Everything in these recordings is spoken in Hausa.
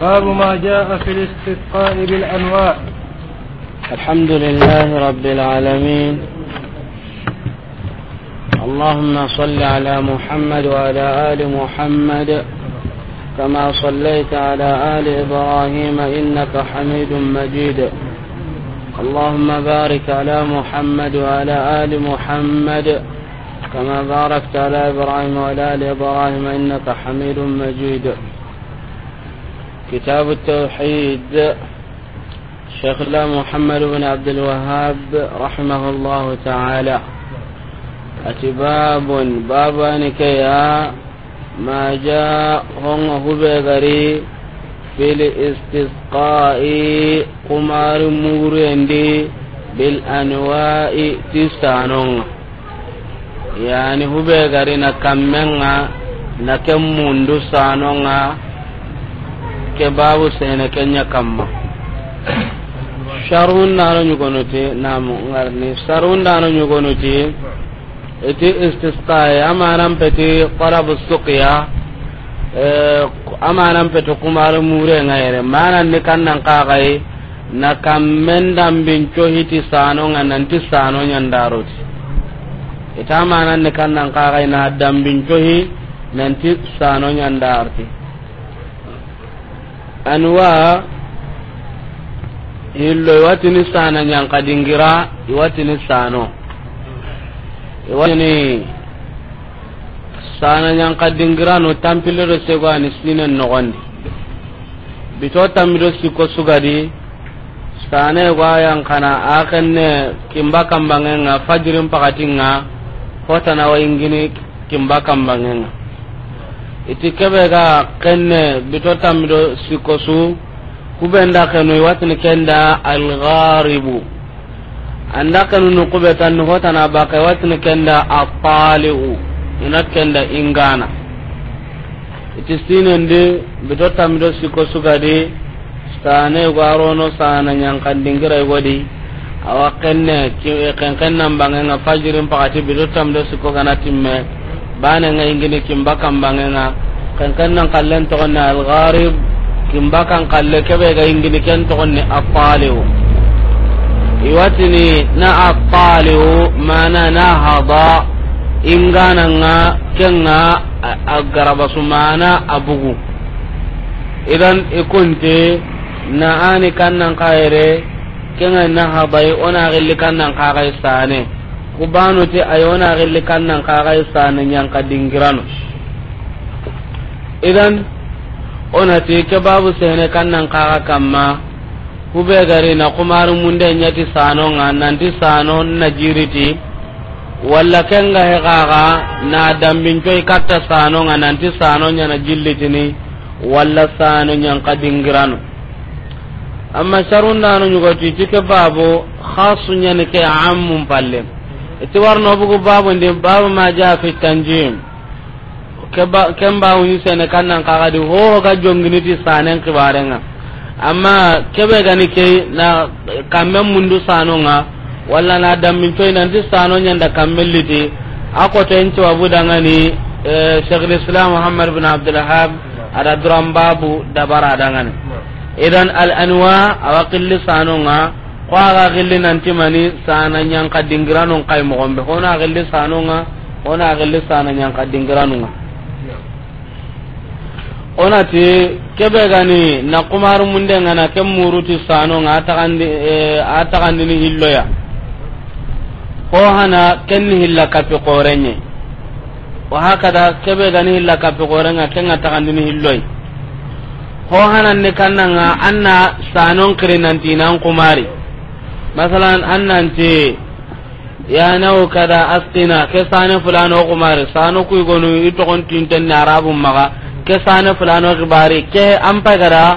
باب ما جاء في الاستسقاء بالانواع الحمد لله رب العالمين اللهم صل على محمد وعلى ال محمد كما صليت على ال ابراهيم انك حميد مجيد اللهم بارك على محمد وعلى ال محمد كما باركت على ابراهيم وعلى ال ابراهيم انك حميد مجيد كتاب التوحيد شيخ الله محمد بن عبد الوهاب رحمه الله تعالى أتباب باب نكيا ما جاء هم هبغري في الاستسقاء قمار مورندي بالأنواع تسانون يعني هبغري نكمنا نكمون دسانون ke babu sene kenya kamma sharun naro nyugonuti namu ngarni sharun istisqai amanan peti suqya e, amanan peti kumar mure ngayere manan ni kannan na cohiti sano sano ita ni kannan na cohi nanti sano anwa hillo iwatini sana ñankadingira iwatini sano iwatini sana ñankadingirano tampiledo sego ani sinen nogondi bito tambido sikko sugadi sane gwa yankana akenne kimba kambangenga fajirin pakatinga hotana wa ingini kimba kambangenga iti kebe ga kenne bito tammido sikosu kubenda kenu watini kenda algharibu anda kenu nu kube tanni hotana baka watini kenda ataliu ina kenda ingana iti sinendi bito tammido sikosu gadi sane gwarono sana nyankandingira iwadi awa kenne e, kenkennan bangenga fajirin pakati bito tammido siko gana timme bana nga ingini kimba kambange nga kankan nan kallan to na gharib kimba kan kalle kebe ga ingini kan togon ni aqaliu iwatini na aqaliu mana na hada ingana nga kenga agaraba sumana abugu idan ikunte na ani kannan kaire kenga na hada ona gilli kannan kaire sane kubanu te ayona gelle kannan kaga nyan ka dingirano idan ona te ke babu sene kannan ga kamma kube gare na kumar munde nyati sano nga ti sano na jiriti walla kenga he gaga na dambin koy katta sano nga ti sano nyana jillitini walla sano ka dingirano amma sharun dano ti ke babu khasu nyani ke ammum pallem itiwarno bugu babundi babu ma jaa fittan tanjim ken bawuñi sene kannan kakadi hohoga jonginiti sanen nga amma kebe gani ke na kamme mundu sanonga walla na dammincoyi nanti sano ñanda kammelliti a kotoen cewabudangani cheikh e, lislam muhammad bin abdulwahab ada duran babu dabara dangani idan al anwa awa qilli sanonga ko aga gilli nanti mani sana nyanka dingiranon kai mo gombe ko na gilli sanonga ona gilli sana nyanka dingiranon ona ti kebe gani na kumar munde na ke ti sanonga atakandi a e, atakandi ni ya. ko hana kenni hilla kapi qorenye wa hakada kebe gani hilla kapi qorenga kenga takandi ni hillo ho hana ne kannanga anna sanon kire nanti nan kumari masalan annanti ya nawo kada asqina ke sane fulano kumare sano ku gonu itogon tinten ni arabu maga ke sane fulano kibari ke ampa gara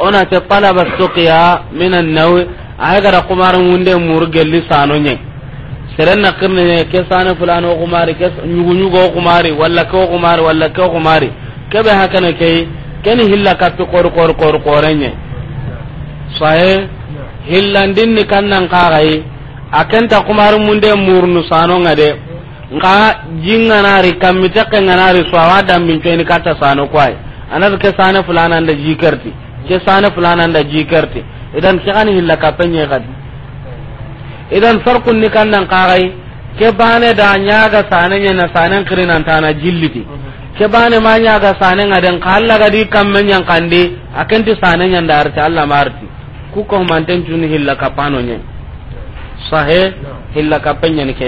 ona te pala bastoqiya minan nawi ay gara kumare munde mur gelli sano nye seren na kirne ke sane fulano kumare ke nyugo nyugo kumare walla ke kumare walla ke kumare ke be hakana ke ken hilla kappi kor kor kor korenye sahe hillandin ni kannan kaxayi a kenta mun munde murnu nga de nka jinganari kammi tekke nganari min awa ni katta sano kwai anar ke fulana fulananda jikarti ke fulana fulananda jikarti idan ke xani hilla kappeñe gadi idan farkun ni kannan kaayi ke bane da nya ga ñaga saneñena ta na jilliti ke bane ma nya ñaga sanenga di kan allah gadi kamme ti a kenti saneñanda arti allah marti ku ko manten juni hilla pano nye sahe hilla penya ni ke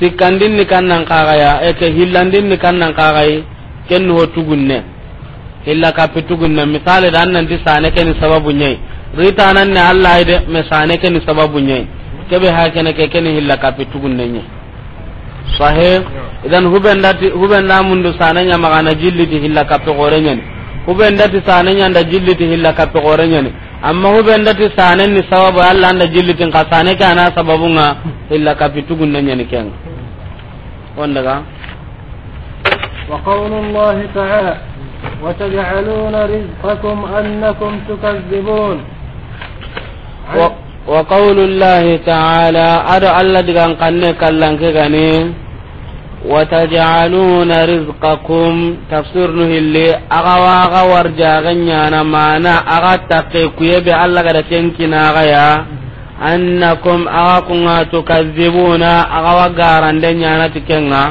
sikandin ni kan kannan ya e ke hillandin ni kan kannan yi ken ho tugunne hilla kapi tugunne misale dan nan di sane ken sababu nye rita nan ne allah ide me sane ken sababu nye kebe ha ken ke ken hilla kapi tugunne nye sahe idan huben dati huben lamundu sane nya magana jilli di hilla kapi gorenye hube ndati sanen yanda jilliti hilla kappe gore nyani amma hube ndati sanen ni sababu alla anda jilliti ka sanen ka na sababu nga hilla kappe tugun nan nyani ken wanda ga wa qawlu allah ta'ala wa taj'aluna rizqakum annakum tukazzibun wa qawlu allah ta'ala ada alla diga kanne kallan ke gani وتجعلون رزقكم تفسير نهلي أغوا أغا ورجا غنيانا مانا أغا تقيكو يبي ألا غدا كنكنا غيا أنكم أغاكم تكذبون أغوا غاران دنيانا تكنا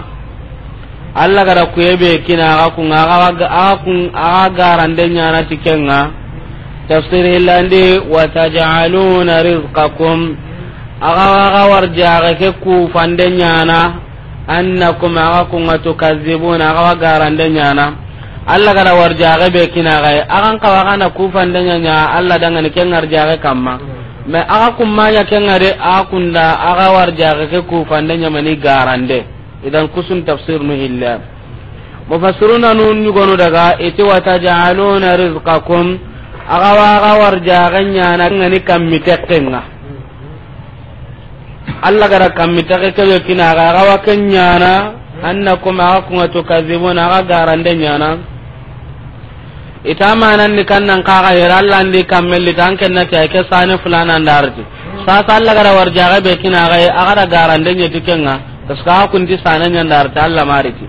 Allah gara ku yebe kina aga kun aga kun aga garan den yana tikenga tafsir illandi wa taj'aluna rizqakum aga aga warja ke ku fanden annakum aga kunga tukazibuna aka wa garande nyana allah gada warjaage be kinagaye agan kawa agana kufandenya allah kamma ma aga kummanya ke ngare aga kunda aga warjaage ke kufandenya mani garande idan kusun tafsir nu illa mufassiruna nun nyugonu daga iti watajaluna rizqakum aga wa aga warjaage nyana ngani allah gara kammi taxe keɓe kina aga agawa ken ñana annakum aga kunga tukazibuna aga garande ñana ita mananni kannan kaga hera allah andi kammelli tan kennati ay ke sane fulana ndarti sasa allah gara warjaxe ɓe kina aga da garande ñeti kenga parce que aga kunti sane ñandarti allah mariti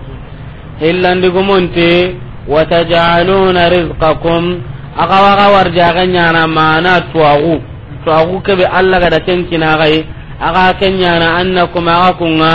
hillandigumonti watajaluna rizqakum agawaga warjaxe ñana maanaa twagu twagu kebe allah gada ken kinaxaye aga kenyana annakum aga kunga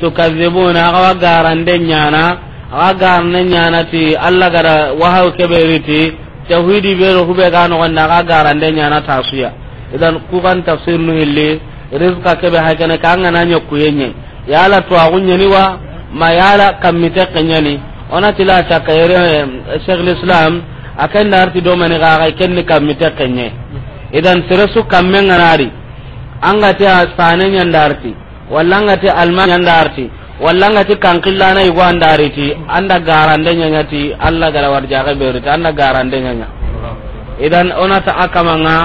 tukazibuna aga wagarande nyana aga garne nyana ti alla gara wahaw keberiti tauhidi bero hube ga no ganda aga garande nyana tasuya idan ku kan tafsir nu hilli rizqa kebe hakana kanga nanya kuyenye yala yaala agunya ni wa ma yaala kamite kenyani ona tila ta kayre eh, shaykhul islam akan narti do mani ga ga kenni kamite kenye idan sirasu kammen nganari angati sane nyandarti walla angati alma nyandarti walla angati kankillana igo andariti anda garande nyanyati alla gara warjaga beriti anda garande nyanya idan onata akamanga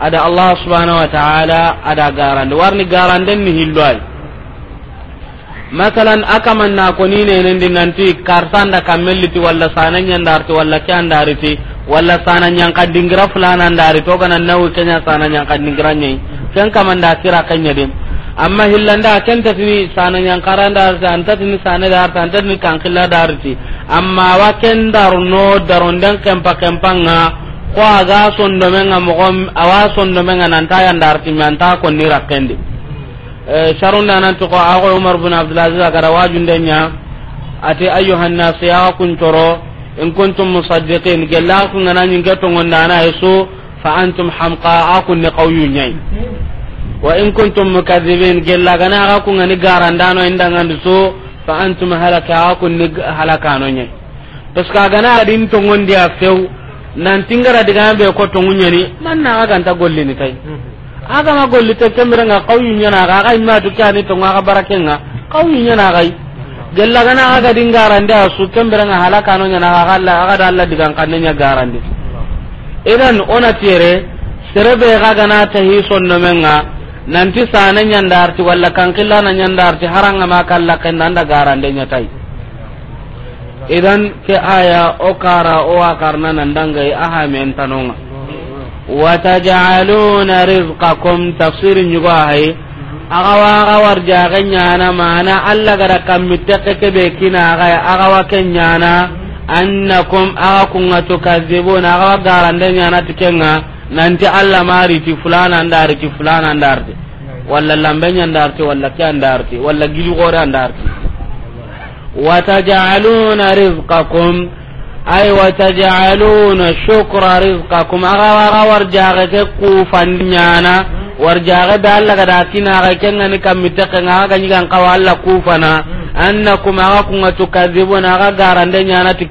ada allah subhanahu wa ta'ala ada garande warni garande ni hillwai masalan akaman na ko ni ne nan nanti karsan da kamelliti walla sane nyandarti walla kyandariti walla sanan nyankan dingira fulana ndari to kana nawu kenya sanan nyankan dingira nyai ken kamanda kira kanya din amma hillanda ken sanan tatini sana arta anta tin sanan da arta anta tin kan kankilla da arti amma wa ken daruno daronden kempa kempanga ko aga sondomenga mogon awa sondomenga nanta yanda arti mi anta konni rakkendi e, sharunda nan to ko ago umar bin abdul aziz agara wajunde nya ati ayyuhan nas ya kun toro in kuntum musaddiqin gella kun nan nyin gato ngonda na yeso fa antum hamqa akun ni qawyu nyai wa in kuntum mukadzibin gella gana ga ku ngani garandano indangandu so fa antum halaka ku ni halakano nye to ska gana din to ngondi a few nan tingara diga be ko to ni man na ga ganta golli ni kai mhm. aga ma golli te kemira nga nya na ga ga imma to kani to nga qawi nya na ga gella gana aga din garande a su kemira nga halakano na ga Allah aga da Allah diga nya garande idan ona tiere serebe ga gana tahi sonno nga. nanti sane nyandarti kan kila na nyandarti haranga ma kalla kenda garande nyatai idan ke aya o kara o akarna nandangai aha men tanonga watajaluna rizqakum tafsirin yugo ahay agawa agawar jage nyana mana alla gara kammitte be kina aga agawa ke nyana annakum aga kunga tukazibuna agawa garande nyana tikenga nanti allah mariti fulana andarti fulana andarti walla lambeña andarti walla ke andarti walla giligore andarti watajaluna rizqakum ay watajaluna shukra rizqakum aga waga warjaxe ke kufandi ñana be allah gada kinaxe kengani aga gañigan kawa allah kufana annakum aga kunga tukadibuna aga garande ñanati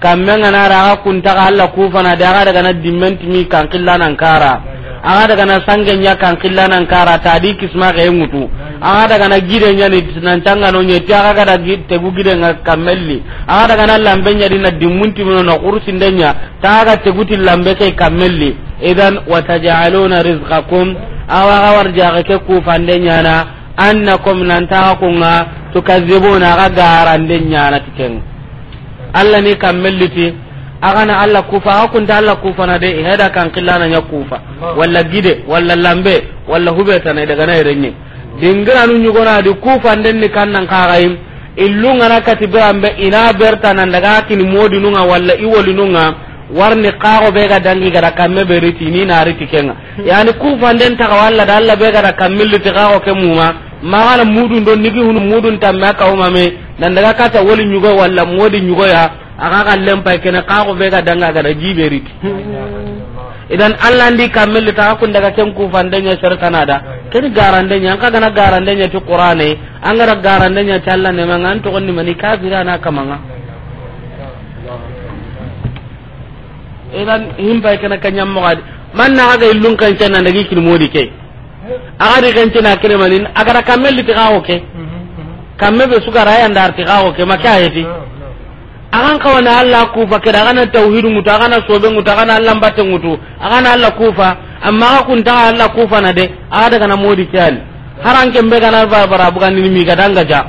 kamme na raga kuntaga alla kufana da na daga na mi kan killanan kara aga daga na sange nya kan killanan kara tadi kisma ga e ngutu aga daga na gide nya ni nan tanga no nyeti aga daga gide gu gide nga kamelli aga daga na lambe nya dina mi no kursi ndenya taga teguti lambe kai kamelli idan watajaluna rizqakum awa ga jaga ke kufa ndenya na annakum nan taga kunga tukazibuna aga gara ndenya na tikenga allah ni kammelliti agana allah kufa hakunta allah na de heda kan killananya kufa walla gide walla lambe walla hubetana den ni kan nan kufandenni kannan illu ngana kati biranɓe ina berta nan daga kini modinunga walla iwolinunga warni qaro be ga dangi gada kan me riti ni riti kenga yani kufanden ta walla da allah ɓe gada kammilliti kaxo ke muma maxana mudun don nigi hunu mudun tamma a kawumame nan daga kata woli nyugo wala modi nyugo ya aga kan lempa kene ka ko be ga danga ga jiberi idan Allah ndi kamel ta kun daga ken ku fandanya sar kanada ken garandanya an kaga na garandanya ti qur'ane an ga garandanya ta Allah ne man an to konni mani kafira na kamanga idan himpa kana kanyam mo man na ga illun kan tan daga kin modi ke aga de kan tan akre manin aga kamel ti ga ke mhm. kamme be suka raya nda arti kawo ke maka yeti akan kawana Allah kufa ke da na tauhid mutu kana sobe mutu kana Allah mbate mutu kana Allah kufa amma ku nda ta ku kufa na de ada kana modi kyan haran na ba bara bukan ni mi gadanga ja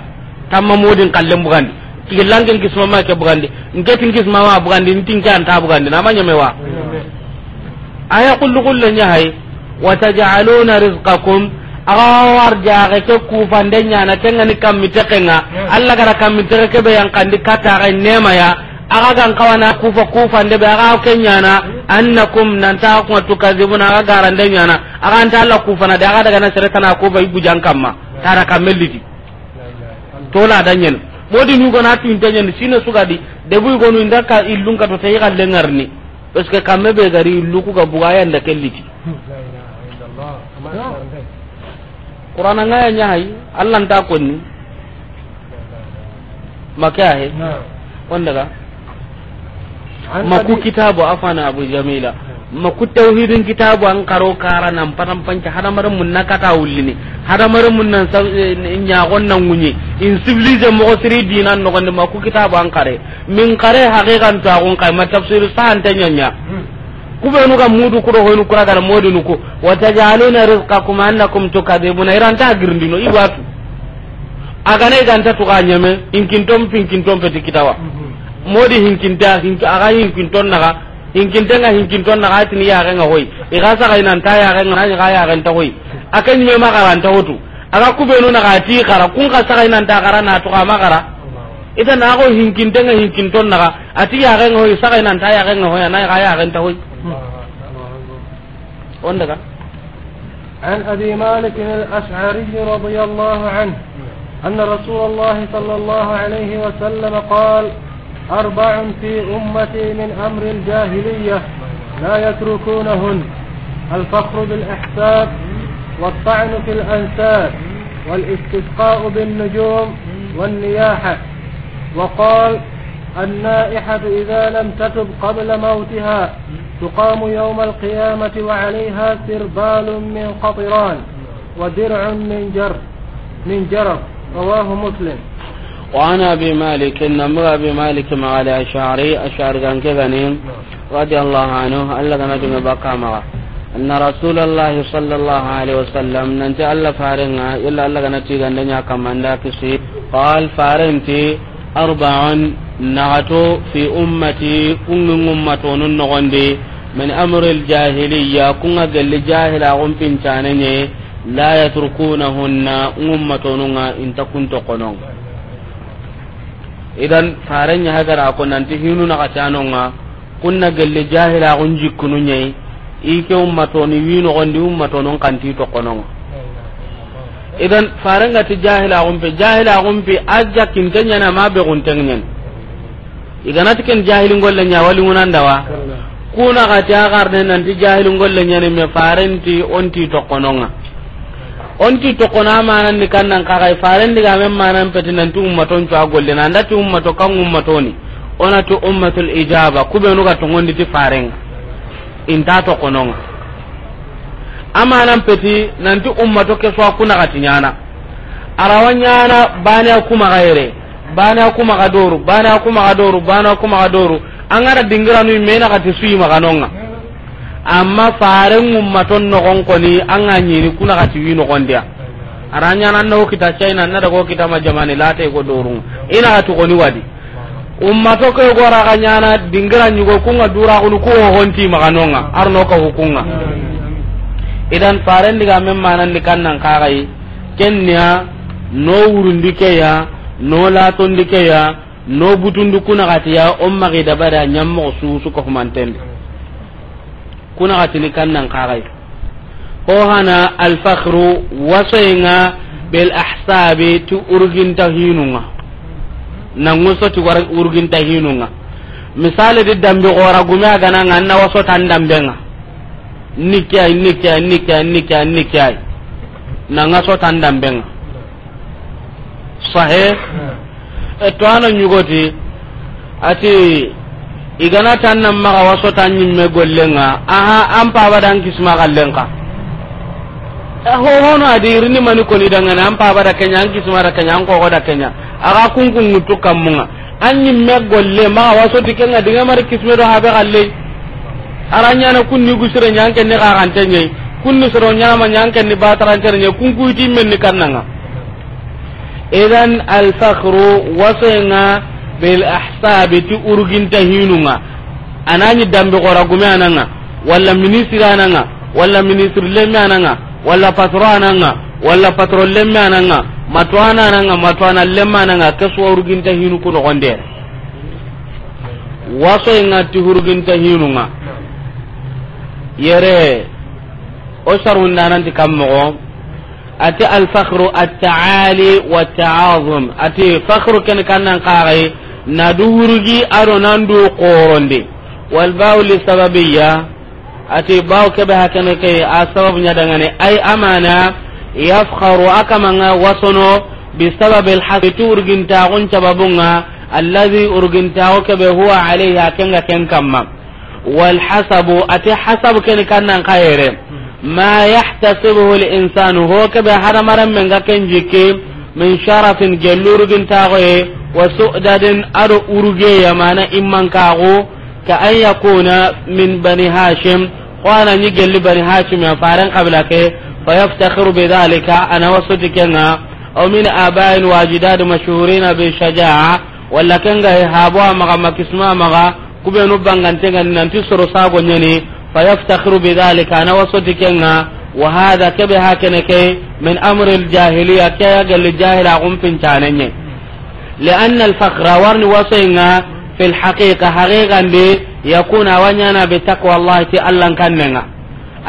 tamma modi kallem bukan langen ki ma ke bugandi bukan di tin bugandi ta bukan di namanya mewa aya qul kullu nyahai wa taj'aluna rizqakum aga war jaage ke kufande nyana tengani kammite kenga alla gara kammite ke be yang kandi kata ga nema ya aga gan kawana kufa kufande be aga ke nyana annakum nanta ko tukazibuna aga garande nyana aga nta alla kufana da aga daga na sereta na kufa ibu jankamma tara kammeliti la danyen modi ni gona tin danyen sine sugadi debu gonu indaka illunga to tayi gallengarni parce que kamme be gari illuku ga bugaya nda kelliti qur'ana ngaya nyahai allah nta konni maka he wanda ga maku kitabu afana abu jamila maku tauhidin kitabu an karo kara nan patan panca hada mun naka kata wullini hada maran mun nan eh, nya gonnan munyi in civilization mo siri dinan no gonde maku kitabu an kare min kare haqiqan ta gon kai ma tafsir sa antanya nya hmm. kubenu ga mudu kuro hoynu kura gara modi nuku wa tajaluna rizqakum annakum tukadibuna iranta agirndino iwatu agana iganta tuka nyame inkintom pinkintom peti kitawa mhm. modi hinkinta hinki aga hinkinton naga hinkinte nga hinkinton naga atini yaxe nga hoy ixa saxa inanta yaxe nga nañaxa yaxenta hoy aka ñime maxaranta hotu aga kubenu naga ati xara kun xa saxa inanta xara natuxa maxara itan axo hinkinte nga hinkinton naga ati yaxe nga hoy saxa inanta yaxe nga hoy ana yaxa yaxenta hoy ولدك عن أبي مالك الأشعري رضي الله عنه أن رسول الله صلى الله عليه وسلم قال أربع في أمتي من أمر الجاهلية لا يتركونهن الفخر بالأحساب والطعن في الأنساب والاستسقاء بالنجوم والنياحة وقال النائحة إذا لم تتب قبل موتها تقام يوم القيامة وعليها سربال من قطران ودرع من جر من جرف رواه مسلم وعن ابي مالك ان امرا ابي مالك مع الاشعري اشعر كان كغنين رضي الله عنه الا كان بقى معه أن رسول الله صلى الله عليه وسلم ننتي ألا فارنا إلا ألا غنتي غندنيا كما داكسي قال فارنتي أربع نعتو في أمتي أم أمتون النغندي من أمر الجاهلية كنا قل ne غم بنتانني لا يتركونهن أمتنا إن تكون تقنون idan faren ya hagara ko nan ti hinu na kacano nga kunna gelle jahila gon jikkunu ne ike ummato ni wino gon di ummato kanti to kono idan faren ga ti jahila gon pe jahila gon pe ajja kin tanya na ma be gon tangen igana tiken jahilin golle nya wali munan dawa kuna ga ta garne nan ti jahilun golle nyane me farenti onti to kononga onti to kona manan ni kan ka kai farenti ga men manan peti nan tu ummaton to golle nan da tu ummato kan ummatoni ona tu ummatul ijaba kube nuga to ngondi ti faren in ta to kononga amanan peti nan tu ummato ke so kuna ga tinyana na bana kuma gaire bana kuma gadoru bana kuma gadoru bana kuma gadoru angara dingiranu mena kati sui maganonga amma faren ummaton nogon koni anga nyini kuna kati wi nogon dia aranya nan no kita china na da dago kita ma majamani late go dorun ina hatu koni wadi ummato ko gora ga nyana dingira nyugo kunga dura kunu ko honti maganonga arno ka hukunga idan faren diga men manan ni kannan kagai kenya no wurundi ke ya no latondi ya no butundu kuna gati ya umma ge dabara nyammo susu ko humantende kuna gati ni kannan kagai ko hana al fakhru bil ahsabi tu urgin tahinunga na nguso tu urgin tahinunga misali di dambe gora gumya gana nganna waso tan dambe nga tan dambe nga sahih hmm. to hana nyugoti ati igana tan nan maga waso tan nyin me gollenga aha an pa badan kisma gallenga ho ho na adir ni mani ko ni danga an pa bada kenya an kisma da kenya an ko goda kenya aga kungun mutu kamunga an nyin me golle ma waso kenga dinga mari kisme do habe galle aranya na kunni gusire nyanke ne ga garantenye kunni soro nyama nyanke ni bataran terne kun kuiti men ni kannanga idan alfakhru wasenga bil ahsabi ti urginta hinunga anani dambe gora gume ananga wala ministre ananga wala ministre lemme ananga wala patron ananga wala patron lemme ananga matwana ananga matwana lemme ananga kesuwa urginta hinu kuno gondere wasoyenga ti hurginta hinunga yere o nan kam kammo ati alfakhru at-ta'ali wa ta'azum ati fakhru ken kannan qari na duwurgi aro nan du qoronde wal bawu li sababiyya ati bawu ke ba ken ke a sabab nya dangane ay amana yafkharu akamanga wasono bi sababi al-haqi turgin ta'un cababunga alladhi urgintawo kebe huwa alayhi akenga ken kamma wal hasabu ati hasabu ken kannan qaire ma yahtasibuhu linsanu ho keɓe hadamaren men ga kan jikki min sharafin gellurugintaxoye wa su'dadin aɗo ya mana immankaxu ka an yakuna min bani hashim ko ananyi gelli bani hashim ya faran kabila ke fa yaftakhiru bidhalika ana wasuti kenga aw min abain wajidad mashhurina bi shaja'a walla kenga habo amaga makisma amaga kubenu bangantenga nanti soro sago nyani فيفتخر بذلك أنا وصدكنا وهذا كبه هكذا من أمر الجاهلية كي يقل الجاهل أقوم فنتانيني لأن الفخر ورن وصينا في الحقيقة حقيقة دي يكون ونينا بتقوى الله تي ألن كننا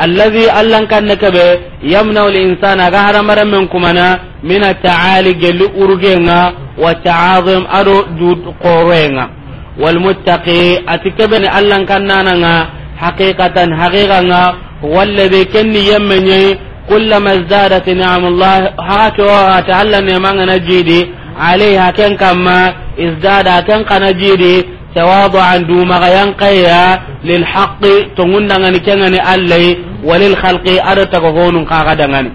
الذي ألن كنك به يمنع الإنسان غهر مرة منكمنا من التعالي جل أرجينا والتعاظم أرو دود قورينا والمتقي أتكبن ألن كننا haqiqatan haqiqanga walle be kenni yemme nye kullama zadat ni'amullah hato ata alla ne mangana jidi alaiha ken kamma izdada ken kana jidi tawadu'an du magayan qayya lil haqqi tungundangani kengani allai walil khalqi arata ko honun kaga dangani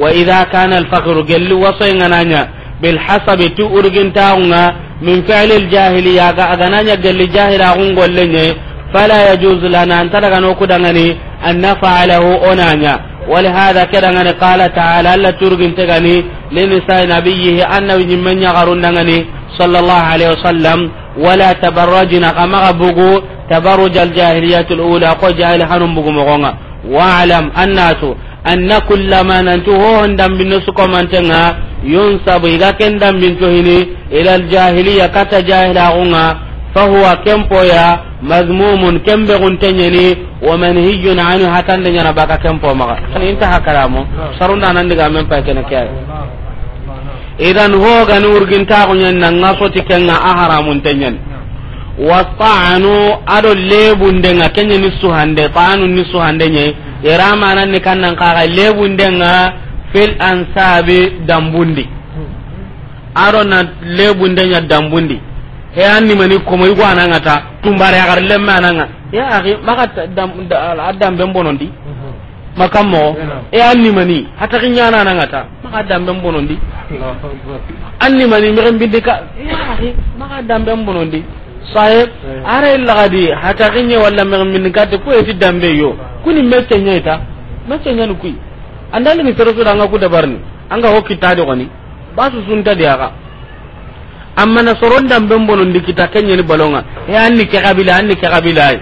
wa idha kana al faqru gelli wasoyngananya bil hasabi tu urgin taunga min fi'l al jahiliya ga agananya gelli jahila gungolle nye فلا يجوز لنا أن تلغنو كدغني أن نفعله أنانيا ولهذا كدغني قال تعالى ألا ترغن تغني لنساء نبيه أن من يغرون دغني صلى الله عليه وسلم ولا تبرجنا كما بغو تبرج الجاهلية الأولى قو جاهل حنم بغو مغونا واعلم الناس أن كل ما ننتهو هندم بالنسق منتنها ينسب إذا كندم بنتهني إلى الجاهلية كتا جاهل فهو كمبويا mazmumun kembe guntenyeni wa manhijun anhu hatande nyana baka kempo maga inta hakalamu sarunda nan diga men pa kene kay idan ho gani urgin ta kunyan nan nga soti kenga aharamun tenyen wasta'anu ado lebun denga kenya ni suhande ta'anu ni suhande nye irama nan ni kannan kaga lebun denga fil ansabi dambundi aro na lebun denya dambundi he anni mani ko moy gwana ngata tumbare agar lemme ananga ya akhi maka dam adam ben bonondi makammo mhm. e anni mani hata kinyana anangata maka adam ben bonondi anni mani mi gambinde ka ya akhi maka adam ben bonondi sahib are lagadi hata kinye walla mi gambinde ka ko eti dambe yo kuni mecce nyaita mecce nyanu kui andali ni sero sura ngaku dabarni anga hokki ta tade koni basu sunta diaga amma na soron dan ben bonon dikita kenya ni balonga e anni ke kabila anni ke kabila ay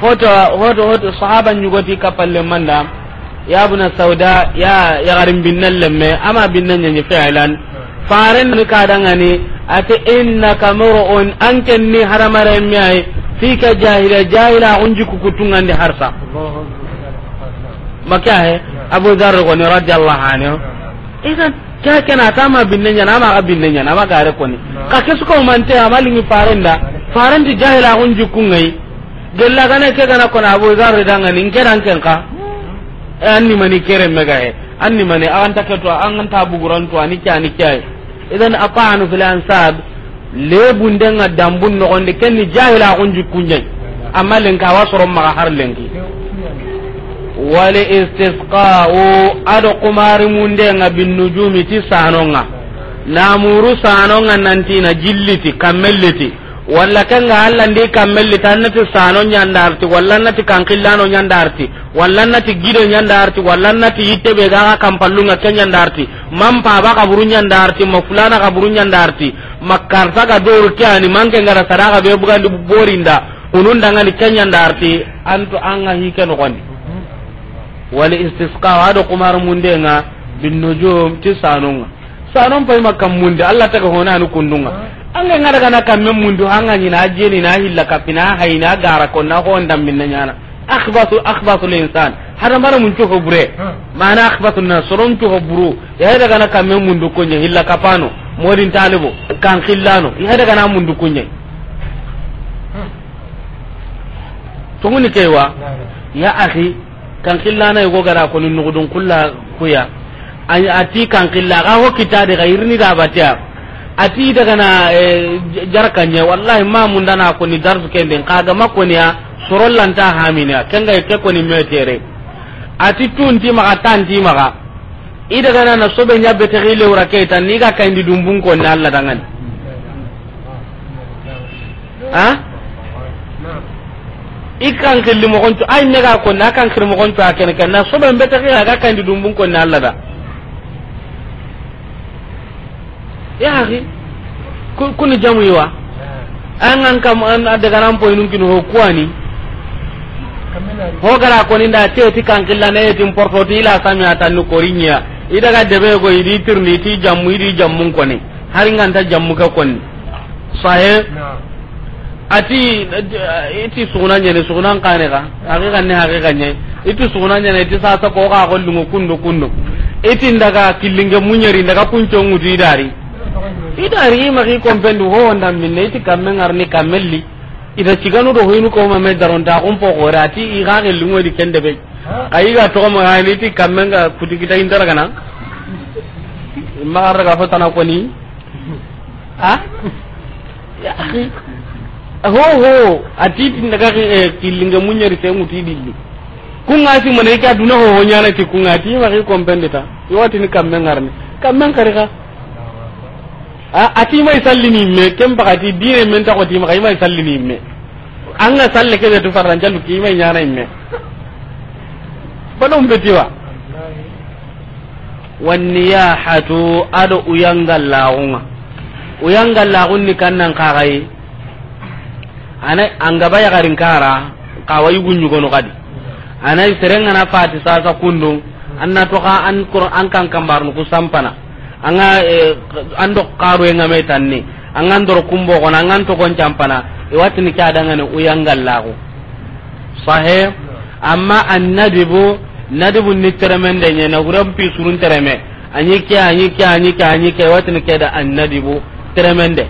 hoto hoto hoto sahaba nyugoti kapalle manda ya abuna sauda ya ya garin binnan lemme ama binnan nyanyi fi'lan faren ni kadangani ate innaka mar'un anken ni haramare mi ay fika jahila jahila unji kukutunga di harsa makahe abu dharr goni radiyallahu anhu idan kya kena ta ma binne nya na ma ga binne nya na ma gare koni ka ke su ko man te amali ni farenda farendi jahila hun jukun jukungai gella gane ke gana bo zar da danga in ke dan ken ka e, anni mani kere mega he anni mani an ta ke to an ta bu guran to ani kya ni kya idan apa anu fil ansab le bundenga dambun no onde ken ni jahila hun jukun amma len ka wasoro ma har lengi والاستسقاء أدو قمار مندين saanonga تسانونا namuru sanonga nantina jilliti kammelliti walla kenga allandi ndi kammelliti annati sano nyandarti walla annati kankillano nyandarti walla annati gido nyandarti walla annati yittebe gaga kampallunga ke nyandarti man paba kaburu nyandarti ma fulana kaburu nyandarti ma karta ga doru ke ani man ngara sadaka be bugandi borinda unundangani ke nyandarti an ga hike nogondi wali istisqa ado kumar munde nga bin nujum ti sanunga sanon pay makam munde allah taga hona anu kundunga anga ngada kana kamme mundu hanga nyina jeni na hilla kapina hayna gara ko na ho ndam minna nyana akhbatu akhbatu al insan hada mara mun to bure mana akhbatu na soron to buru ya daga na kam mundu ko nya hilla kapano modin talibo kan khillano ya daga kana mundu ko nya tunguni wa. ya akhi kan killana yugo gara ko nin nugudun kulla kuya ay ati kan killa ga ho kita de ga irni da batia ati daga na eh, jarkanya wallahi ma mun dana ko ni darsu kende kaga makoniya sorollan ta hamina kanga ke ko ni metere ati tunti maka tanti maka ida gana na sobe nya betari le ura keta ni ga kandi dumbun ko na Allah dangan hmm. ha ikan kelli mo gonto ay me ga ko na kan kelli mo gonto akene kan na so ban beta ga ga kan di dumbun ko na Allah da ya ri ku ni jamu yiwa eh. an an kam an daga ran po inun kinu kuani ho gara ko ni da te ti kan killa ne ti porto ti la sami atan ko rinya ida ga debe go idi tirni ti jamu idi jamu ko ni har ngan ta jamu ka ko ni sahe ati iti suguna nyene suguna kane ka hakika ne hakika ne iti suguna nyene iti sasa ko ka ko lungo kundu kundo iti ndaga kilinge munyeri ndaga kuncho ngudi dari idari ma ki kompendu ho ndam minne iti kamme ngarni kamelli ida ciganu do hoynu ko ma me daronta ko po ko rati i ga ke lungo di kende be ayi ga to ma ha iti kamme nga kutikita indara kana ma ga ga fotana ko ni ha ya ho ho a hoho atiti ndaga eh, killinge munyeri tengu tidilli kunga si mana ika duna ho nyana ti kunga ti ba ki kompende ta yoti ni kamme ngarne kamme kare ka a ati mai e sallini me kem ati dine men ta ko ti ma mai e sallini me anga salle ke to faran jalu ki mai e nyana me badon wan niyahatu ado uyangal launga uyangal ni kannan kagai ana angaba ya garin kara kawai gunyu gono kadi ana serenga na fati sa kundu anna to ka an qur'an kan kambar ku sampana anga e, andok karu nga me tanni anga ndor kumbo ko anga to kon campana e watti ni kada ngane uyangal lagu sahe amma an nadibu nadibu ni teremende nye na guram pi surun tereme anyike anyike anyike anyike watti ni kada annadibu teremende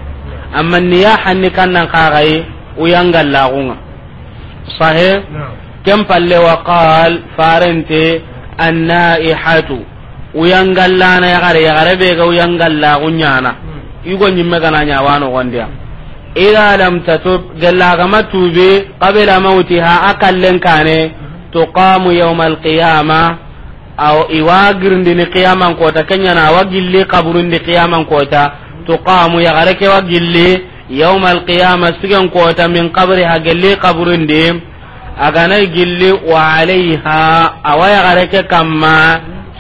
amma niyahan ni na kagaye uyangallaxunga sahe ken palle wa qal farente annaihatu uyangallana yagare yagare ɓega uyangallaxu ñana igo hmm. ñimme gana ñawanogondiya ida lam tatub gellagama tuubi qabila haa a kallen kane tuqamu yauma alqiyama aw iwa girndini qiyaman kota naa awa gilli kaburundi qiyaman kota tuqaamu yagare ke wa gilli yawmalqiyama sigaan kootan min qabari haali qabarun deem haali gilli waaliyaha hawaayi raakama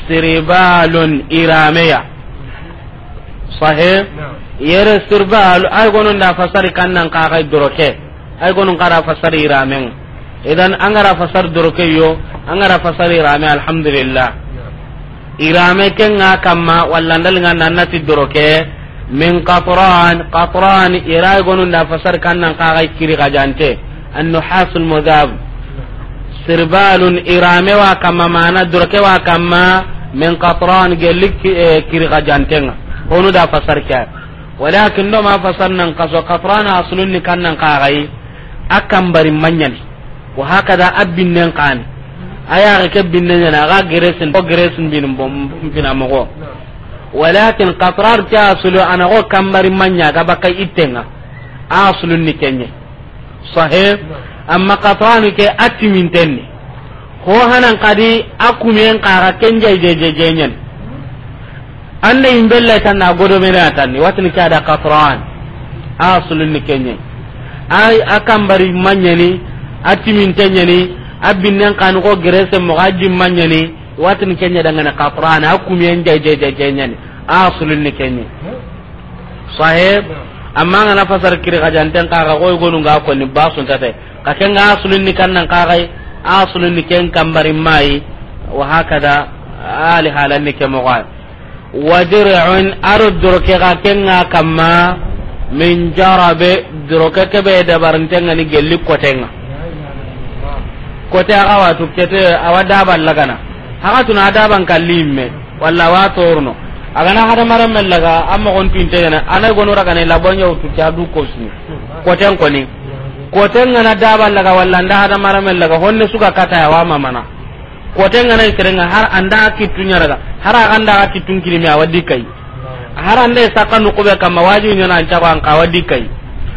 siri baaluun irameya. fahim. yaa ngalnaa. yaa rase siri baaluun. alaayikolayi daa fasari kan na kaayaa durkee alaayikolayi daa fasari irame mu. idan an karaa fasari durkee yoogu an karaa fasari irame alhamdulilahi. irame kenyaa kama wal nandal na natti durkee. min qatran qatran ira gonu da fasar kannan ka ga kiri ga jante mudhab sirbalun irame wa kama mana durke wa kama min qatran gelik e, kiri ga nga gonu da fasar kya walakin do ma fasar nan kaso qatran aslun ni kannan ka ga akan bari manyan wa hakada abin nan kan aya ga ke binnan na ga geresin ko geresin bin bom fina mo walakin qatrar ta aslu ana go kambari manya ga baka itenga aslu ni kenye sahih amma qatran ke min tenni ko hanan kadi akumen qara kenje je je nyen anne imbella tan na godo mena tan ni watin ka da qatran aslu ni kenye ay akambari manya ni min tenye ni abin nan kan ko grese mo ga manya ni ni kenya dangane qatrana akumiyen jaje jaje nyani asulun ah, ni kenya sahib amma ngana fasar kiri kajanten kaga koy gonu ga ko ni basun tata ka ken ga asulun ah, ni kannan kaga asulun ah, ni ken kambarin mai wa hakada ali halan ni kemo ga wadir'un ardur ke ga ken ga kamma min jarabe ke be duroke kebe ga ni gelli kotenga kote aga watu kete awa daban lagana haka tuna adaban kallimme walla wa torno agana hada maram mellaga amma gon tinte yana ana gono raga ne tu utu jadu kosni koten koni koten ngana daban laga walla nda hada maram mellaga honne suka kata ya wama mana koten ngana kirenga har anda kitunya raga har anda kitun kirimi awadi kai har anda sakanu kube kama waji nyana ancha kwa anka awadi kai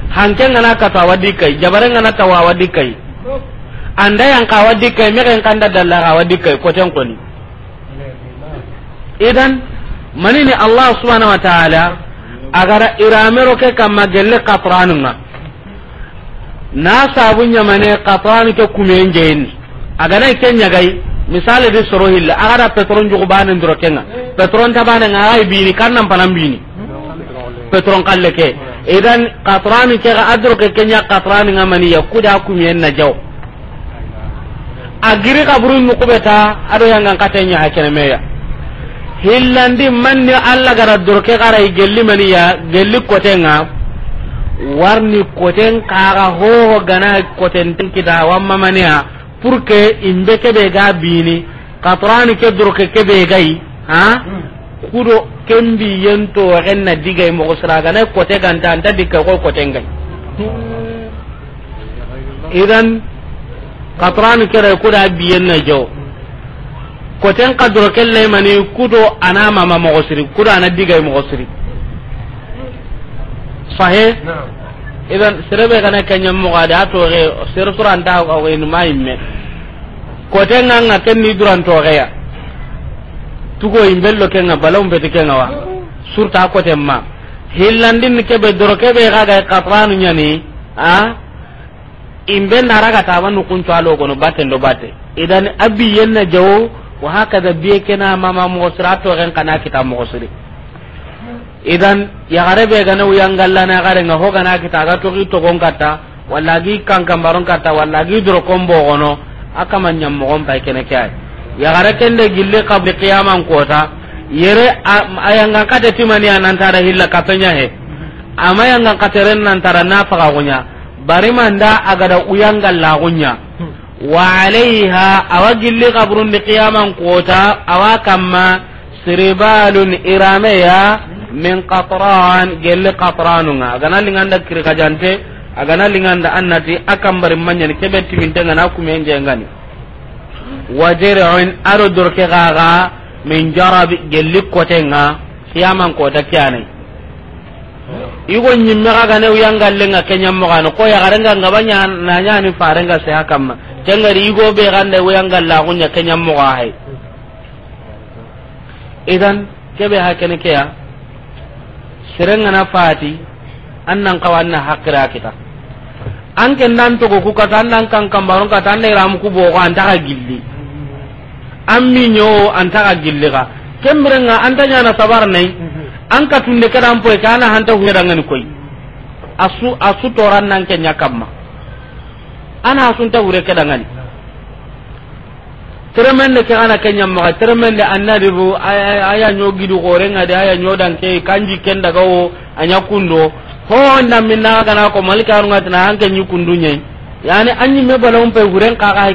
hanke ngana kata awadi kai jabare ngana tawa awadi kai anda yang kawa dikai megen kanda dalla kawa dikai ko tan koni idan manini allah subhanahu wa ta'ala agara iramero ke kamma gelle qatranunga na sabunya mane qatran ke kume kumenjen agana kenya gai misali di soro hilla agara petron jugo banen dro kenga petron ta banen ngai bini kannan panan bini petron kalle ke idan qatran ke adro ke kenya qatran ngamani kuda kume na jaw agiri kaburu nukubeta ado yangan katenya hakene meya hillandi manni alla gara dorke gara gelli maniya gelli kotenga warni koten kaga hoho gana koten tinkida wamma maniya pour que imbe kebe ga bini katrani ke dorke kebe gai ha kudo kembi yento renna digay mogo sraga na kote ganta anta dikka ko koten gai idan katranu kere kuda biyen na jo koten kadro kelle mani kudo ana mama mo siri kudo ana diga mo siri sahe idan serebe kana kanya mo gada to re ser suran da ko en maimme koten nan na ni duran to re ya tugo imbello kenga balom beti kenga wa surta koten ma hillandin kebe doro kebe ga ga katranu nyani a imbe naraga tawa nukuncu alo gono batten do batte idan abi yenna jawo wa hakaza biye kena mama mo sira to ren kana kita mo sire idan ya garebe gana uyangalla na gare nga ho gana kita ga to to gon kata walla gi kankan baron kata walla gi dro kombo gono aka man nyam mo gon kene kay ya gare kende gille qabli qiyamam kota yere ayanga kata timani anantara hilla kapenya he ama yanga kateren nantara na faga gonya barimanda agada uyangallagunya wa alaiha awa gilli kaburundi qiyaman kota awa kamma siribalun irameya min qatran gelli qatranunga agana linganda kirikajante agana linganda annati akam bari manyan kebe timintengani akumengengani wa jir'un aro dorke gaga min jarabi gelli kotenga qiyaman kota kyanai igo nyimme kaga ne uyangallenga kenyamogano ko na ngabanya ni farenga se hakamma kengari igo be gande uyangalla kunya kenyamogo hay idan kebe hakene keya serenga na fati annan kawanna hakira kita an ken dan togo ku kata an dan kan kambaron kata an dai ramu ku bogo an ta gilli an minyo an ta gilli ga kemrenga an ta na sabar nai an ka tunde kadan poy kana hanta hu asu asu toran nan kenya kamma ana sun ta hure tremende ke ana kenya ma tremende annabi bu aya nyogi du gore ngade aya nyodan ke kanji ken daga wo anya kundo ho na minna kana ko malika runga tana hanke yani anyi me balon pe ka ka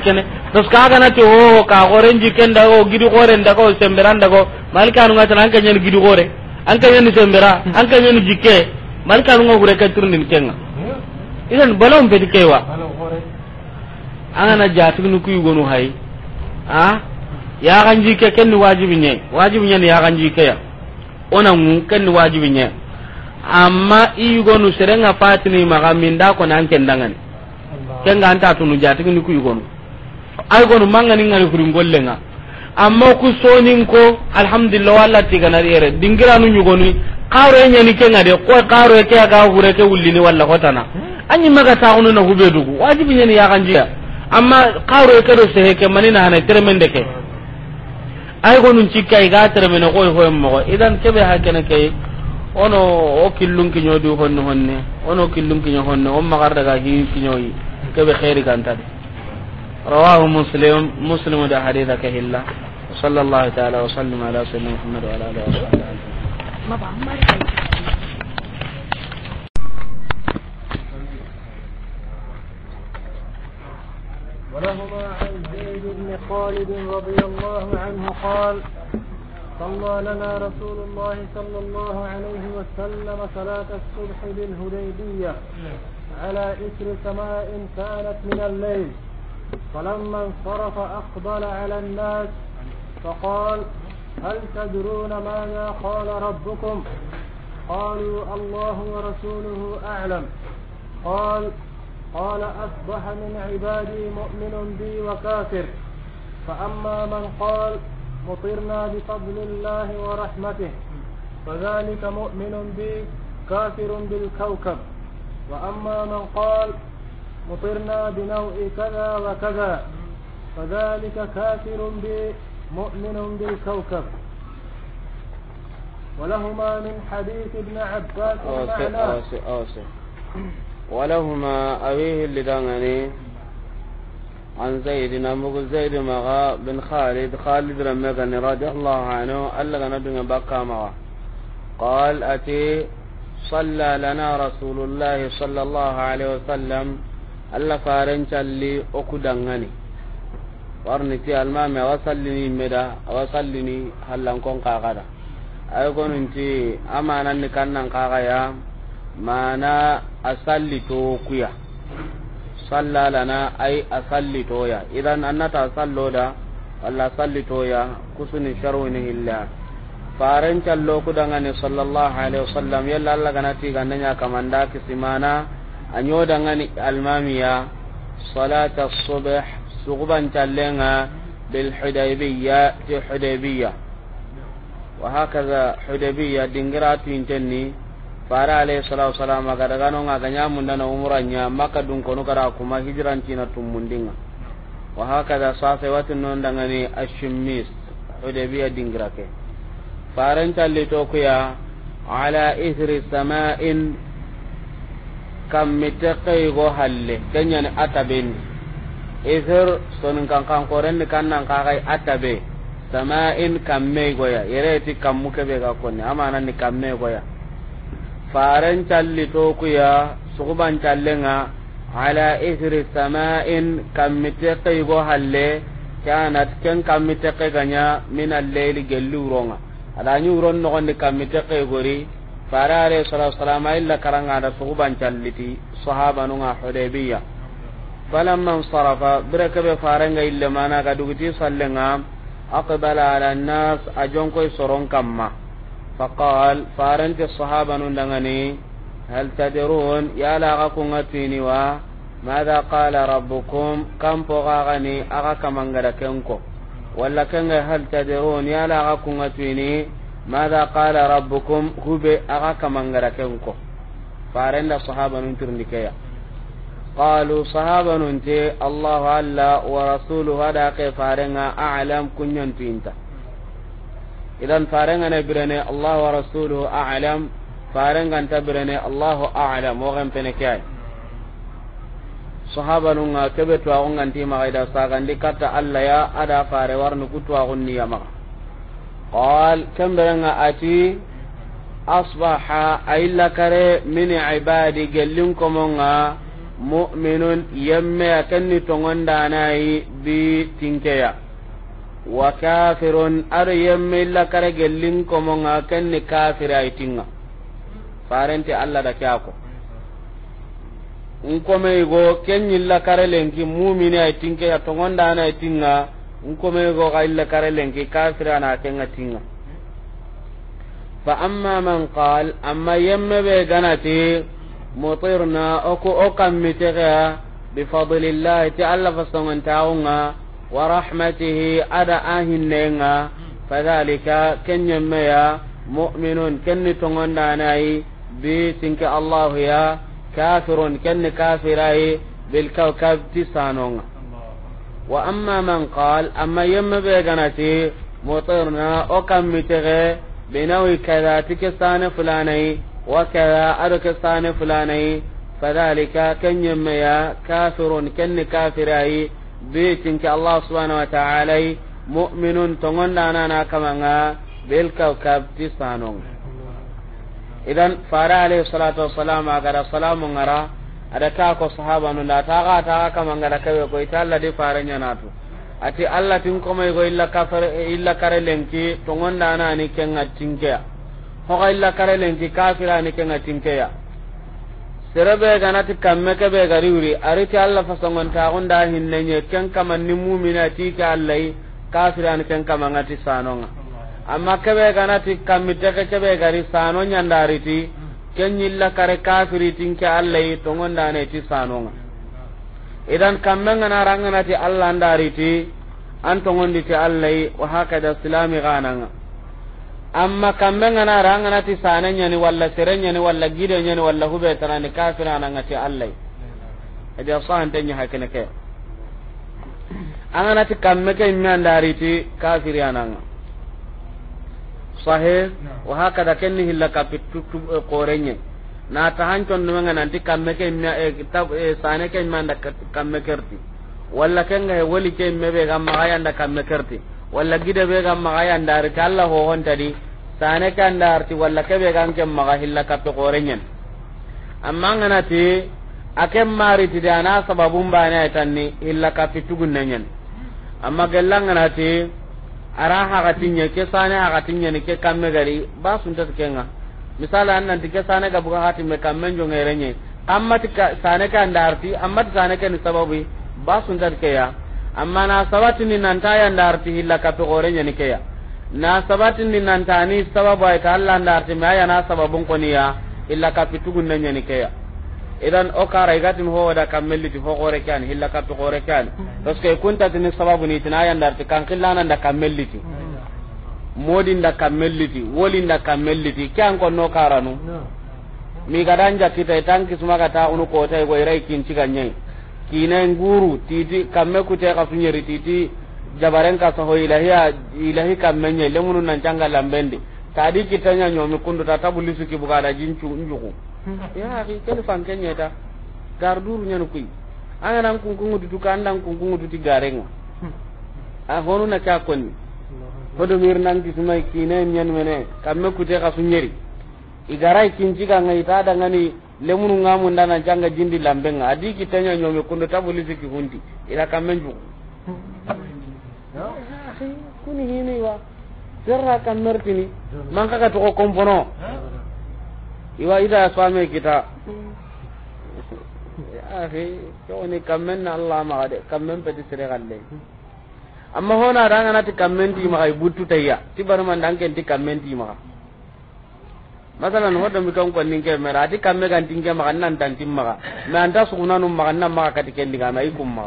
tos ka na te ho ka goren ji ken daga wo gore wo semberan daga malika runga tana hanke gore an kan nyani sombera an kan yoni jike man kan ngo gure ka turndin kenga idan balon be an angana jatu nu kuyu gonu hay ha ya kan jike ken wajibi nye wajibi nye ya kan jike ya ona mu ken wajibi nye amma iyu gonu serenga patini maga minda ko nan dangan kenga anta tunu jatu nu kuyu gonu ay gonu ni ngani furin gollenga amma ku sonin ko alhamdulillah wala tigana yere dingira nu nyugoni qaro nya ni kenga de ko qaro ke ga hure ke wullini wala hotana anyi maga taunu na hube dugu wajibi ne ya kanji amma qaro ke do se ke manina hana tremende ke ay gonun cikkai ga tremene ko ho mo idan kebe hakene ke ono o killun kinyo du honno honne ono killun kinyo honne o magar daga hi kinyo yi kebe khairi kan tadi rawahu muslim muslimu da haditha ke وصلى الله تعالى وسلم على سيدنا محمد وعلى اله وصحبه اجمعين ولهما عن زيد بن خالد رضي الله عنه قال صلى لنا رسول الله صلى الله عليه وسلم صلاة الصبح بالهديبية على إثر سماء كانت من الليل فلما انصرف أقبل على الناس فقال هل تدرون ماذا قال ربكم قالوا الله ورسوله أعلم قال قال أصبح من عبادي مؤمن بي وكافر فأما من قال مطرنا بفضل الله ورحمته فذلك مؤمن بي كافر بالكوكب وأما من قال مطرنا بنوء كذا وكذا فذلك كافر بي مؤمن بالكوكب ولهما من حديث ابن عباس أوسي آه، أوسي آه، آه، ولهما أبيه اللي دانني عن زيد نمغ زيد مغا بن خالد خالد رمغني رضي الله عنه ألا بن بقى مغا قال أتي صلى لنا رسول الله صلى الله عليه وسلم ألا فارنشا لي أكدنني ti almame awa sallini meda awa sallini hallankon kakada ay gonunti amananni kannan kakaya mana a salli to kuya salla lana ay a salli toya idan annata da walla salli toya kusuni sharwini hilla ku callo kudangani sallallahu alaihi wasallam yalla allah ganati gandanya kamanda kisimana anyodangani almamiya salata subh suguban tallenga bil hudaybiya ti hudaybiya wa hakaza hudaybiya dingiratu intenni fara alayhi salatu wasalam aga daga no aga nyamun dana umranya maka dun kono kara kuma hijran tina tumundinga wa hakaza safe watin non dangani ashimmis hudaybiya dingirake faran talle to kuya ala ithri sama'in kam mitaqi go halle kanyani atabendi ihir sonin kan kan koren ni kan nan kakai atabe sama'in kamme goya yere ti muke kebe ga konni amana ni kamme goya faran calli to kuya suguban callenga ala ihri sama'in kammite kai go halle kanat ken kammite kai ganya min al-layli gellu ronga ada ni uron no ni kammite kai gori farare sallallahu alaihi wasallam illa karanga da suguban calliti sahaba no nga hudaybiyah فلما انصرف برك بفارنغ إلا ما نغدوتي صلنا أقبل على الناس أجنكو يسرون كما فقال فارنت الصحابة نندغني هل تدرون يا لاغكم أتيني ماذا قال ربكم كم فغاغني أغا كمان غدكنكو ولا كان هل تدرون يا لاغكم أتيني ماذا قال ربكم هو أغا كمان غدكنكو فارنت الصحابة ننتر نكيا قالوا صحابة ننتي الله ألا ورسوله هذا كفارنا أعلم كنين تينتا إذا فارنا نبرنا الله ورسوله أعلم فارنا نتبرنا الله أعلم وغم فنكاي صحابة نunga kebe tuwagun ganti maga ida sagandi katta alla ya ada fare warnu ku tuwagun niya maga qal kemberenga ati asbaha ayilla kare min ibadi galin komonga mu'minun yamme akanni tongon danayi bi tinkeya wa kafirun ar yamme illa kare gellin ko mon akanni kafira ay tinga farenti alla da kyako unko mai go kenni illa kare lenki mu'mini ay tinkeya tongon danayi tinga unko mai go ga illa kare lenki kafira na kenga tinga fa amma man qala amma yamme be ganati مطرنا أكو أقم متغى بفضل الله تعالى فصمن تعونا ورحمته أدى أهننا فذلك كن يميا مؤمن كن تغناناي بيتنك الله يا كافر كن كافراي بالكوكب تسانونا وأما من قال أما يم بيغنتي مطرنا أقم متغى بنوي كذا تكستان فلاني وكذا أدك الثاني فلاني فذلك كن يميا كافر كن كافر أي بيتنك الله سبحانه وتعالى مؤمن تغنانا كمانا بالكوكب تسانون إذن فارا عليه الصلاة والسلام أقرى السلام ونرى ada ta ko sahaba no da ta ga ta ka mangala kawe ko ita Allah di faranya natu ati Allah tin ko mai go illa kafar illa hoga illa karenenti kafirani kenga tinkeya serebe ganati kamme kebe gari wuri ariti allah fasongontaxunda hinnenye ken kamanni mumina tike allahi kafirani ken kamangati sanonga amma ke kebe ganati ke kebe gari sano ñandariti ken ñilla kare kafiri tinke allahi togondaneti sanonga idan kamme ngana ranganati allah ndariti an ti allahi wa hakada silami gananga amma kambe ngana ra na ti sana nyani walla sere nyani walla gide nyani walla hube tanani kafira nan ngati allah adi tan tanya hakene ke angana ti kambe ke nyan ndari ti kafiri ananga sahe wa hakada kenni hilla kapitu qorenye eh, na ta hancon no ngana ti kambe ke eh, eh, sana ke nda kambe kerti walla kenga wali ke mebe gamma ayanda kambe kerti walla gide be gamma ayanda ri ta allah ho tadi. sane kan darti walla kebe gan kem maga hilla kappe qorenyen amma ngana ti akem mari ti dana sababun bana tanni hilla kappe tugunnenyen amma gellan ngana ti ara haga tinye ke sane haga tinye ne ke kamme gari ba sun ta kenga misala annan ti ke sane ga buga hatin me kamme jo ngerenye amma ti sane kan darti amma ti sane kan sababu ba sun ta ke ya amma na sabati ni nan ta ya darti hilla kappe qorenyen ke ya na sabatin ni nan tani sababu ay ta Allah nda arti maya na sababun koniya illa ka fitugun nan yani kaya idan o ka igatin ho da kamelli ti ho kan illa ka to gore kan parce que kunta tin sababu ni tin ayan darti kan nan da kamelli ti modi da kamelli ti woli da kamelli ti kan ko no karanu mi gadan jakita tanki suma kata unu ko tay go irai kin ciganye kinan guru titi kamme ku te ka sunyeri titi jabaren ka saho ilahiya ilahi kammenye lemunu nan canga lambendi tadi kitanya nyomi kundu tata bulisu kibugada jincu njuku hmm. ya ki telefon kenye ta garduru nyanu kui anga nan kunkungu tutu kandang kunkungu tuti garenga hmm. a honu na ka konni hodo mir nan kismai kine nyen mene kamme kute ka sunyeri igarai kinci ga ngai ta da ngani lemunu ngamu ndana janga jindi lambenga adi kitanya nyomi kundu tabulisi kihundi ila kamme njuku hmm. mi hini wa serra kan mertini man ka to kompono iwa ida swame kita akhi yoni na allah ma de kammen peti sere galle amma hona ranga ma ay buttu tayya ti ti ma masalan hodo mi kan mera kamme kan ma nan tan timma ma anta suguna num ma nan ma ka ti ga mai kum ma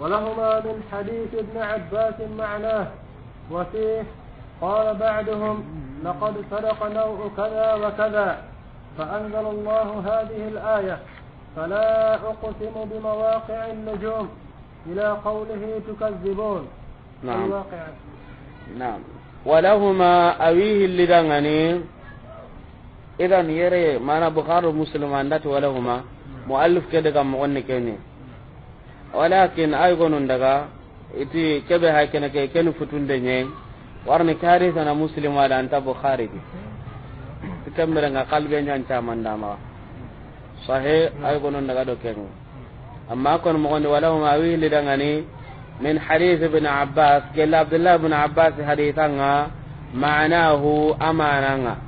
ولهما من حديث ابن عباس معناه وفيه قال بعدهم لقد سرق نوع كذا وكذا فأنزل الله هذه الآية فلا أقسم بمواقع النجوم إلى قوله تكذبون نعم نعم ولهما أويه اللي إذا يري ما أنا بخار مسلم عندك ولهما مؤلف كده كم غني walakin ay gonun daga iti kebe ha kene ke ken de nyen warni kari sana muslim wala anta bukhari bi tikambere nga kalbe nyan chamanda ma sahe ay gonun daga do ken amma kon mo gonde wala ma wi le daga ni min hadith ibn abbas gella abdullah ibn abbas hadithanga ma'nahu amananga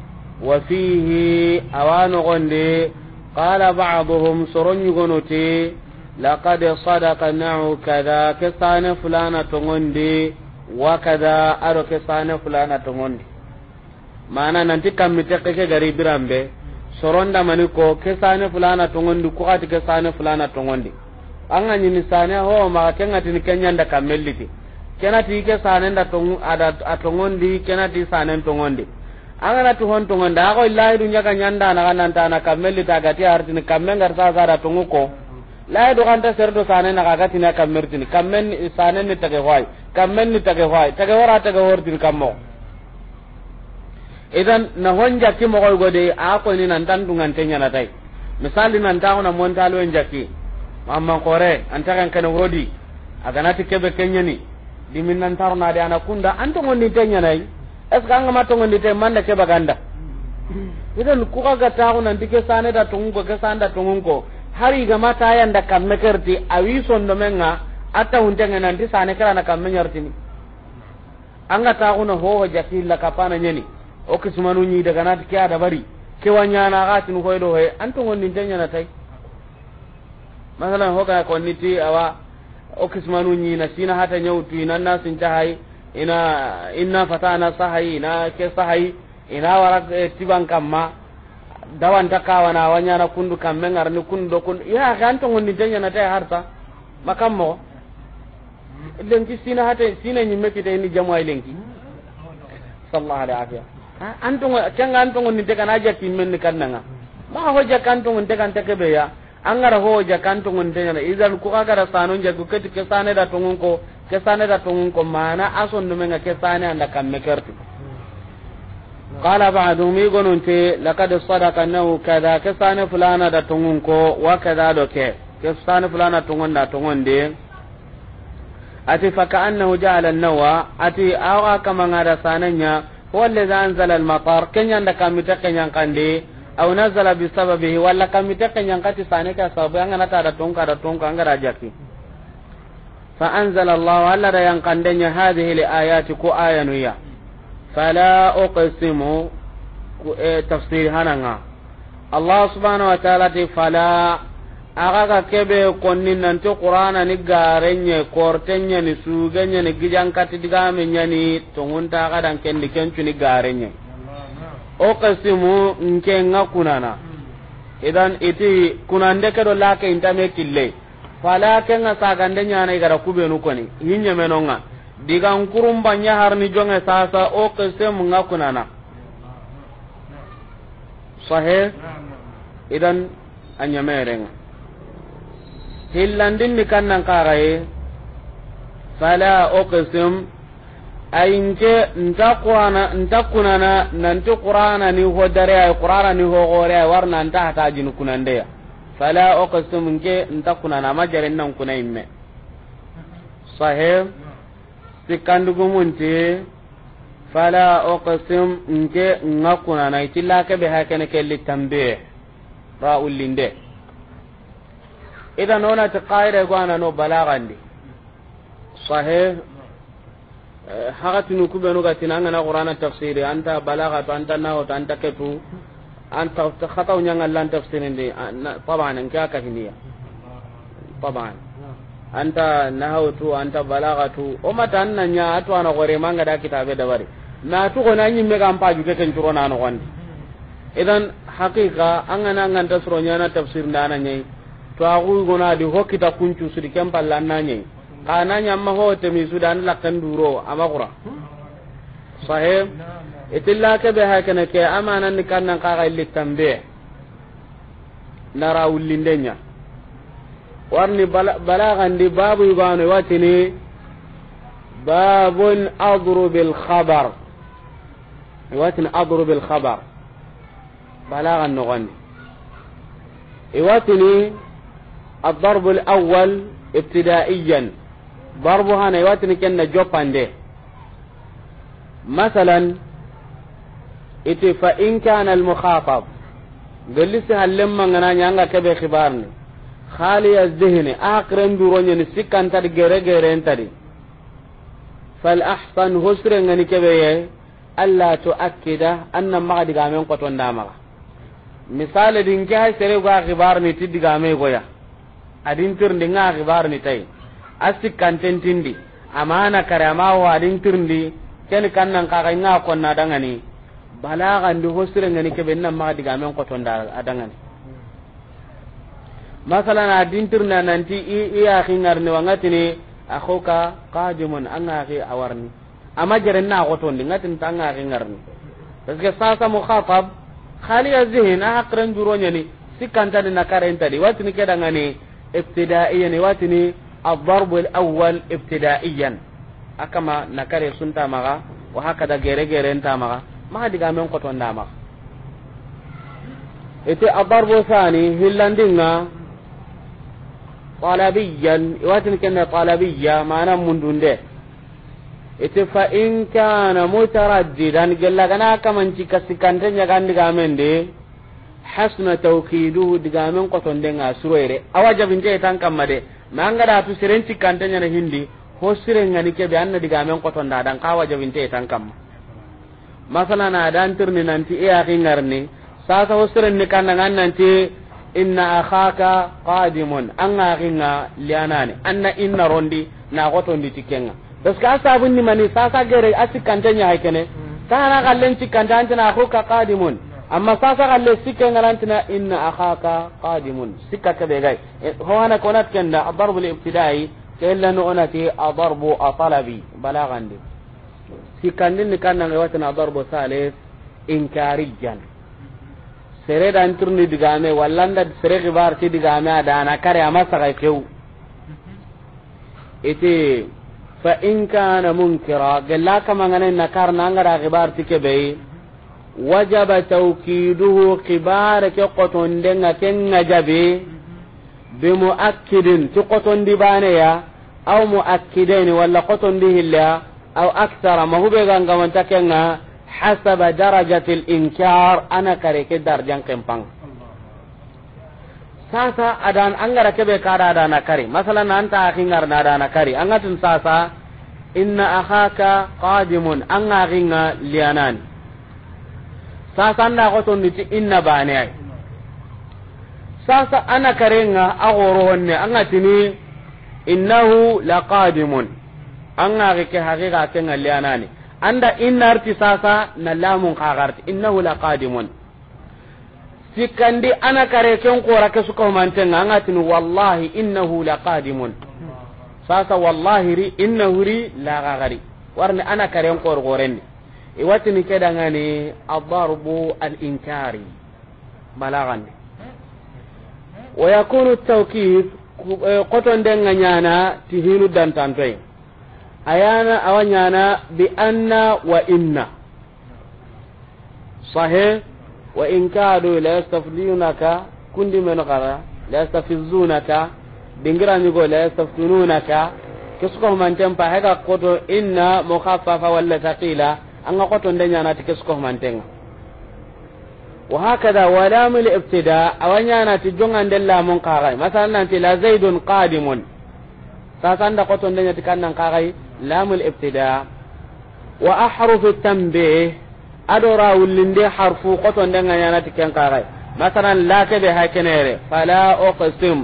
wa fihi awanu gonde qala ba'dhum surun yugonuti لقد صدق نعو kada ke sane تغندي وكذا wa kada فلانة ke sane fulana tongondi mana nanti kammite keke gari birambe soronda mani ko ke sane fulana ko ke sane anga nyini sane ho ma kenga tin kenya nda kamelliti kenati ke sane nda tongu ada atongondi kenati sane tongondi anga na tuhon tongonda ko illahi dunya kanyanda na kananta na kamellita gati artin sa sa la do ganta serdo sane na kaga tina kamertin kammen sane ni tage hoy kammen ni tage hoy tage wara tage wordin kammo idan na honja ki mo go gode a ko ni nan tan dungan tenya na tai misali nan ta ona mon talo en jaki amma kore an ta kan kana wodi aga na tike be kenya ni dimin nan taro na de ana kunda an to ngoni tenya nai es kan ma to ngoni te manda ke baganda idan ku ga ta ona ndike sane da tungo ke sanda tungo hari ga mata yan da kan mekerti awi sondo menga atta hunde ngana ndi sane kala na kan an anga ta kuna ho ho ka kapana nyeni o kismanu nyi daga na tiya da bari ke wanya na ga tin ko do he antu ngonni tanya na tai masalan ho ga konni ti awa o kismanu nyi na sina hata nyautu ina na sin tahai ina inna fatana sahai ina ke sahai ina warak eh, tibankan ma dawanta kawana na kundu men arni kundu do kundu ya kan to ngonni tanya na tay harta makam mo lenki sina hata sina nyimme tay ni jamwa lenki sallallahu alaihi wasallam ken kanga anto ngonni de kana ja men ni nga ma ho ja kan ngon de kan ta kebe ya angara ho ja kanto ngon de na izal ku agara sanu ja gukati ke sane da tungun ko ke sane da tungun ko mana ason no menga ke sane anda kamme kertu قال بعد بعضهم يقولون لقد صدق أنه كذا كسان فلانا دا تنغنكو وكذا دوكي كسان فلانا تنغن دا تنغن دي أتي فكأنه جعل النوى أتي أوا كما نادا سانيا هو الذي أنزل المطر كن يندا كامتا كن ينقندي أو نزل بسببه ولا كامتا كن ينقاتي سانيكا سبب أنغنا تادا تنغا دا تنغا أنغا جاكي فأنزل الله ألا دا ينقندي هذه لآيات كو آية fala uqsimu tafsir hananga allah subhanahu wa ta'ala ti fala aga ka kebe konni nanti qur'ana ni garenye kortenye ni sugenye ni gijankati digamenye ni tongunta aga dan kendi kencu ni garenye uqsimu nke nga kunana idan iti kunande kedo lake intame kille fala kenga sagande nyana igara kubenu koni hinye menonga digan kurumba ni jonge sasa o qisse munga kunana sahe idan mereng hillandin ni kannan karaye fala uqsim ainke ntakwana ntakunana nanti qur'ana ni dare ay qur'ana ni ho gore ay warna nta hata jin kunande ya fala uqsim nke ntakunana majarin nan kunaimme sahih sikkandugumunti fala oqsim nke nga kunana kebe lakebe hakene kelli tambe ra ullinde idan onati qaida gwanano balagandi sahe eh, hakatinu kubenu gatin angana qur'ana tafsiri anta balaga to anta nawo to anta ketu anta khataw nyanga lan tafsirinde ah, taban nke akahiniya taban anta nahawtu anta balagatu o mata annanya atu ana gore manga da kitabe da bari na tu ko nanyi me kan paju ke ken turona no gondi idan haqiqa an ana ngan da suronya na tafsir na na to agu gona di hokita kuncu su di kan pallan nanya nyai ananya ma ho te mi su dan lakkan duro amaqura sahib itilla ke be ha kana ke amanan kan nan ka ga illi tambe narawul lindenya warni balagandi babu yugano watini babun adrub alkhabar watini adrub alkhabar balagan nogondi iwatini الضرب الأول ابتدائيا ضربها نيواتني كنا جوبان دي مثلا إتي فإن كان المخاطب قل لسي هل لما نانا كبه خبارني khaliya zihni akren duro nyani sikkan tadi gere gere tadi fal ahsan husre ngani kebeye alla to akida anna ma diga men ko to ndama misale din ke hay sere go akhbar ni tiddi ga me goya adin tir ndi nga akhbar ni tay asikkan tentindi amana kare ma wa adin tir ndi ken kannan ka ga nga konna dangani balaga ndi husre ngani kebe nan ma diga men ko to ndara adangani masalan a na nanti i i axi tini a ko ka kajumon anga axi awarni ama jere na ko ton ta nga ki ngar ni parce que sasa mukhatab khaliya zihin a haqren juroñani sikkantani nakarentadi watini kedangani ibtidaiyani watini الضرب الأول ابتدائيا أكما نكري سنتا gere وهكذا غير غير ma مغا ما دي ton da ma ite إتي الضرب الثاني hillandinga طلبيا واتن كنا طلبيا معنا مندونده ite fa in kana mutaraddidan gella na dan tirni inna akhaka qadimun an garinga lianane anna inna rondi na ndi tikenga parce que sabun ni mani sasa gere asikanta nya haykene kana hmm. gallen tikanda antana akhaka qadimun amma sasa galle sikenga nantina inna akhaka qadimun sikka kebe gai eh, ho ana konat kenda adarbu alibtidai ibtidai kella no onati adarbu atalabi balagandi sikandin ni kanna ngawatina adarbu salif inkarijan sere dan turni digame wallanda sere gibar ti ada na kare ama saga kew ite fa in kana munkira galla kama ngane nakar ngara gibar ti kebe wajaba tawkiduhu kibar ke qoton denga ken ngajabe bi muakkidin ti qoton di bane ya aw muakkidaini walla qoton di hilla aw aksara mahube ganga wanta kenga hasaba darajati al-inkar ana kare ke darjan kempang sasa adan angara kebe kada adana kare masalan anta akingar na adana kare angatun sasa inna akhaka qadimun anga ringa lianan sasa anda goton diti inna bane ay sasa ana karenga agoro wonne anga tini innahu laqadimun anga ke hakika kenga lianani anda arti sasa na lamun kagarti innahu laqadimun sikkandi ana kare ken kora ke suka humantenga angatini wallahi innahu laqadimun sasa wallahi ri innahu ri lagagari warni ana kare kor gorenni iwatini e kedangani adarbu alinkari balagandi wayakunu tawkif koton eh, denga nyana tihinu dantantoye ayana awanyana bi anna wa inna sahih wa in kadu la yastafidunaka kundi men qara la yastafizunaka dingira ni go la yastafidunaka kisuko man tempa haga koto inna mukhaffafa walla taqila anga koto ndenya na tikisuko man tenga wa hakada walam al ibtida awanyana tijongan ndella mon qara masalan ti la zaidun qadimun sasanda koto ndenya tikannan qara لام الابتداء وأحرف التنبيه أدرى ولندي حرف قطن دنا يانات كان قاري مثلا لا كده هكنيري فلا أقسم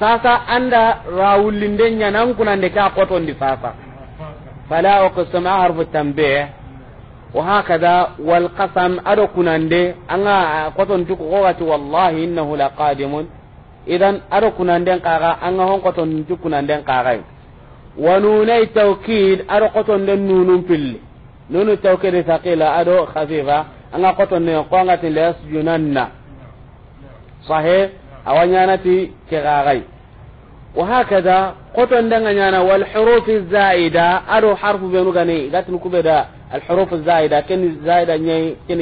sasa anda rawulinde ñanan kunande ke a kotondi sasa fala uqsim a harfu tambih wa hakada wal qasam ado kunande anga kotonti ko wati wallahi innahu laqadimun idan ado kunande kaga anga hon kotonti kunande kaga wa nunai tawkid aro qoton den nunun pilli nunu tawkid thaqila ado khafifa anga qoton ne ko anga tin yasjunanna sahe awanyana ti kegagai wa hakada qoton den anyana wal huruf zaida ado harfu benu gane gatin da al huruf zaida ken zaida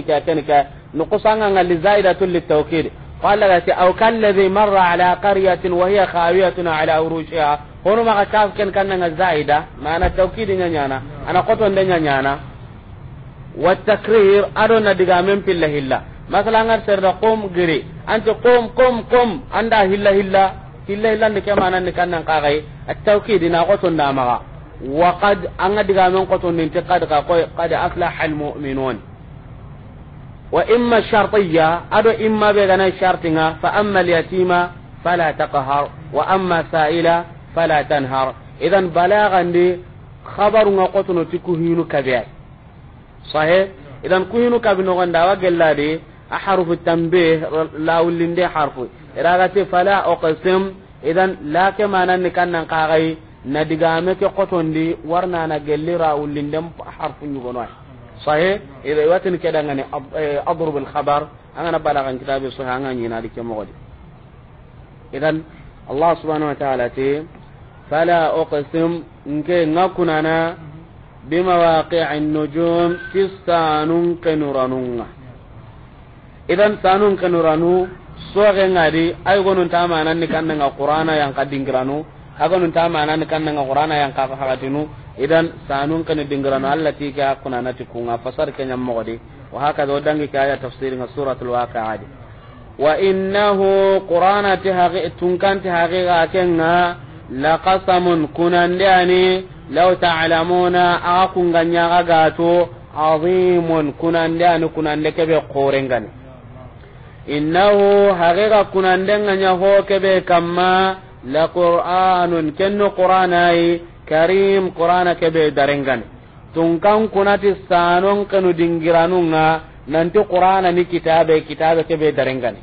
ka ken ka nuqsanga zaida tul tawkid قال لك أو كالذي مر على قرية وهي خاوية على عروشها هنا ما كاف كان كان زائدة ما أنا التوكيد نيانا أنا قطن نيانا والتكرير أرنا دقامين في الله إلا مثلا أنا سرد قوم قري أنت قوم قوم قوم أنت هلا هلا هلا هلا كما أنا كان قاغي التوكيد أنا قطن دامغا وقد أنا دقامين انت قد قد أفلح المؤمنون wa imma shartiyya ado imma be gana shartinga fa amma al-yatima fala taqhar wa amma sa'ila fala tanhar idan balagandi khabarunga qotono tiku hinu kabe sahe idan kuhinu kabe no ganda wa gellade a harfu tanbih lawlinde harfu iragate fala uqsim idan la ke manan ni nan kagai na digame ke qotondi warna na gellira wulinden harfu nyugono sahe ila watin keda ngani adrub al khabar angana balagan kitabe so hanga nyina dike mogodi idan allah subhanahu wa ta'ala te fala uqsim nke ngakunana bimawaqi'in nujum tisanun kanuranunga idan sanun kanuranu soge ngadi ay gonun tamanan ni kannga qur'ana yang kadingiranu agonun tamanan ni kannga qur'ana yang kafahatinu idan sanun kan dingirano allati ka kuna nati kunga fasar kenya mogodi wa haka do dangi ka aya tafsir nga suratul waqi'a di wa innahu qur'ana ti haqi tunkan ti haqi ga kenga la qasamun kunande ani law ta'lamuna akunga nyaga gato azimun kunande ani kunande kebe qorengani inna haqiqa kunande nga nyaho kebe kammaa la qur'anun kenno qur'anai karim qur'ana kebe darengan tun kan kunati sanon kanu na nanti qur'ana ni kitabe kitabe kebe darengan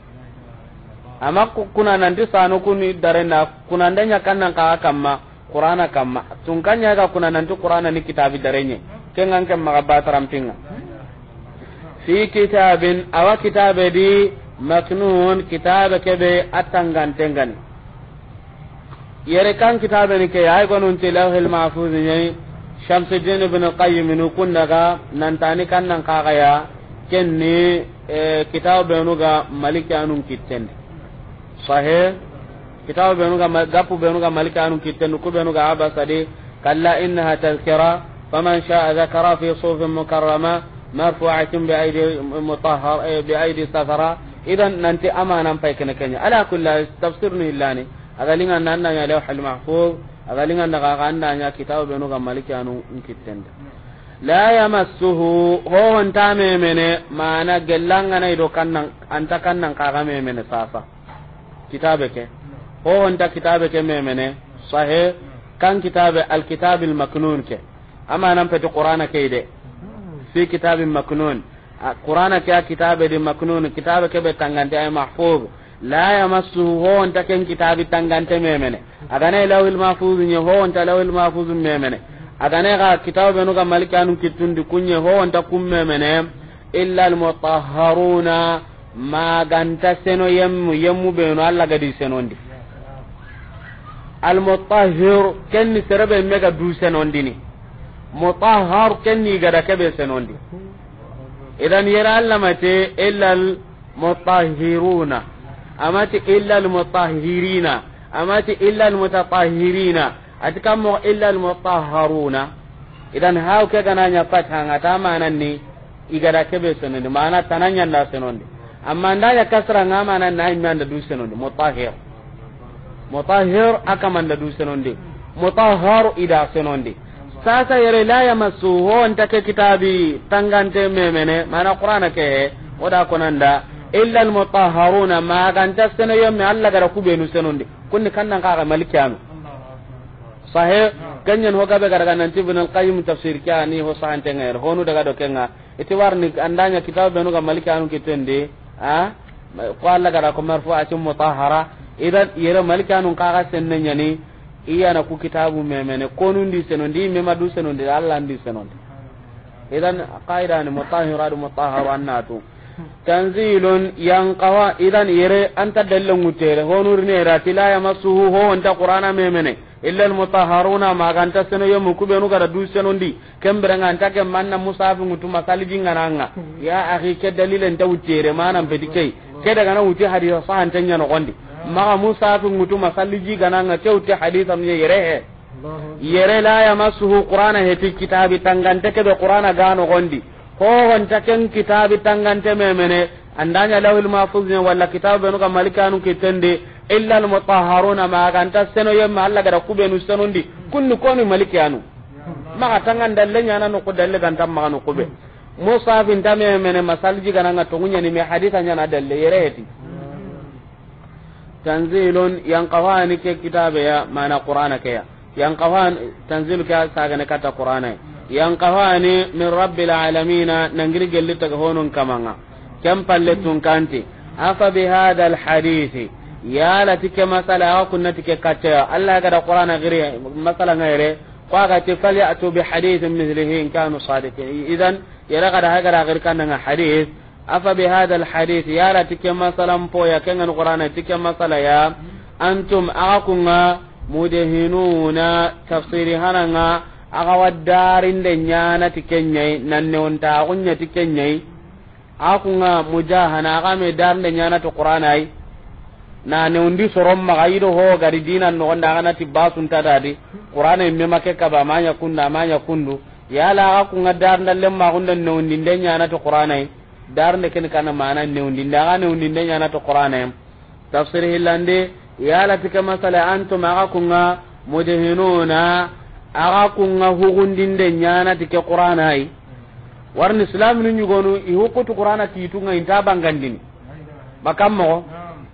amma kuna nanti sanu kuni darenda kuna ndanya kannan ka kamma qur'ana kamma tun kan ya ga kuna nanti qur'ana ni kitabe darenye kengan kan magabataram pinga fi kitabin awa kitabe di maknun kitabe kebe atangantengani yare kan kitabe ni ke ay gonun ti lahil mahfuz ni shamsuddin ibn qayyim nu kun daga nan tani kan nan ka ga ya kenni kitabe nu ga maliki anun kitten sahe kitabe nu ga gapu be nu ga maliki anun kitten ku be nu ga abasade kalla innaha tazkira faman sha'a dhakara fi sufin mukarrama marfu'atin bi aidi mutahhar bi aidi safara idan nanti amanan pay kenekenya kenya ala kullu tafsirni illani aga linga nanda nya lawh al mahfuz aga linga daga kanda nya kitabu benu ga maliki anu kitenda la yamassuhu ho honta memene mana gellanga nay do kannan anta kannan ka ga memene safa. kitabe ke ho honta kitabe ke memene sahe kan kitabe al kitab al maknun ke amma nan pete qur'ana ke de fi kitab al maknun qur'ana ke kitabe di maknun kitabe ke be tangande ay mahfuz la yamassuhu ho onta ken kitabi tangante memene agana lawil mahfuz nye ho onta lawil mahfuz memene agana ga kitabu benu ga malikanu kitundi kunye ho onta kum memene illa al mutahharuna maganta seno yemmu yemmu benu alla gadi senondi al mutahhir kenni serebe mega du senondini mutahhar kenni gada kebe senondi idan yara alla mate illa al mutahhiruna amati illa almutahhirina amati illa almutatahhirina atikam mo illa almutahharuna idan haw ke gananya patanga ta ni igada kebe sonondi mana tananya nda sonondi amma ndanya kasra ngama nan na imanda du sonondi mutahhir mutahhir akamanda du sonondi mutahhar ida sonondi sasa yere la yamassuhu anta ke kitabi tangante memene mana qur'ana ke oda konanda illa al mutahharuna ma kan ta sene yemme alla gara kubenu senondi kunni kannan ka malikiyanu sahe ganyen ho gabe gara ganan tibun al qayyim tafsir kyani ho sahante ngair er. honu daga do kenga iti warni andanya kitab benu ga malikiyanu kitende a ko alla gara ko marfu'atun mutahhara idan yere malikiyanu ka ga senne nyani iyana ku kitabu memene konundi senondi memadu senondi alla ndi senondi idan qaida ni mutahhiratu mutahharu annatu tanzilun yankawa idan yere anta dalle ngutere ne rati la yamassuhu ho anta qur'ana memene illa almutahharuna maganta yo yemu kubenu gara du senondi nga anta ke manna musafi ngutu masali ngananga ya akhi ke dalilen utere manan bedikei ke daga na hadiyo hadiya anta no gondi ma musafi ngutu masali uti tewte mye yere he yere la yamassuhu qur'ana heti kitabi tangante ke be qur'ana gano gondi hohonta ken kitabi tangante memene andanya lawil mahfuz ne wala kitabu benu kam malikanu kitende illa al mutahharuna ma ganta seno yem Allah gada kubenu senondi kunni koni malikanu ma tangan dalle nyana no ko dalle ganta ma no kube musa bin tame mene masalji gana nga tongunya ni me haditha nyana dalle yereti tanzilun yang qawani ke kitabe ya mana qur'ana ke ya yang qawan tanzilu ke sagane kata qur'ana yankafani min rabbil alamina nangiri gelli taga honon kamanga kem palle tunkanti afa bi hada al ya la tike masala wa kunna tike kacca allah ga da qur'ana gire masala ngere kwa ga te fali atu bi hadithin mithlihi in kanu sadiqin idan yala ga da ga da gir kananga hadith afa bi hada al hadith yala tike masala mpo ya kengan qur'ana tike masala ya antum aqunga mudehinuna tafsiri hananga ti na aga waddarinde ñanati kenyai nanne wonta agunyati kenyai akunga mujahana agame darnde ñanati qur'anai na newundi soron maga yido ho gari dinan nogonde aganati basuntadadi qur'anai mema ke kaba amaña kundu amaña kundu yala aga kunga darndallen magunde newundinde ñanati qur'anai darnde ken kana mana newundinde nyaana ti ñanati qur'anai tafsir hillande yala tike masala antum aga kunga mudhinuna aga kunga hugundinde ñanati ke qur'anai warni islaminu ñugonu i hukkutu qur'ana tiitunga inta bangandini bakam mogo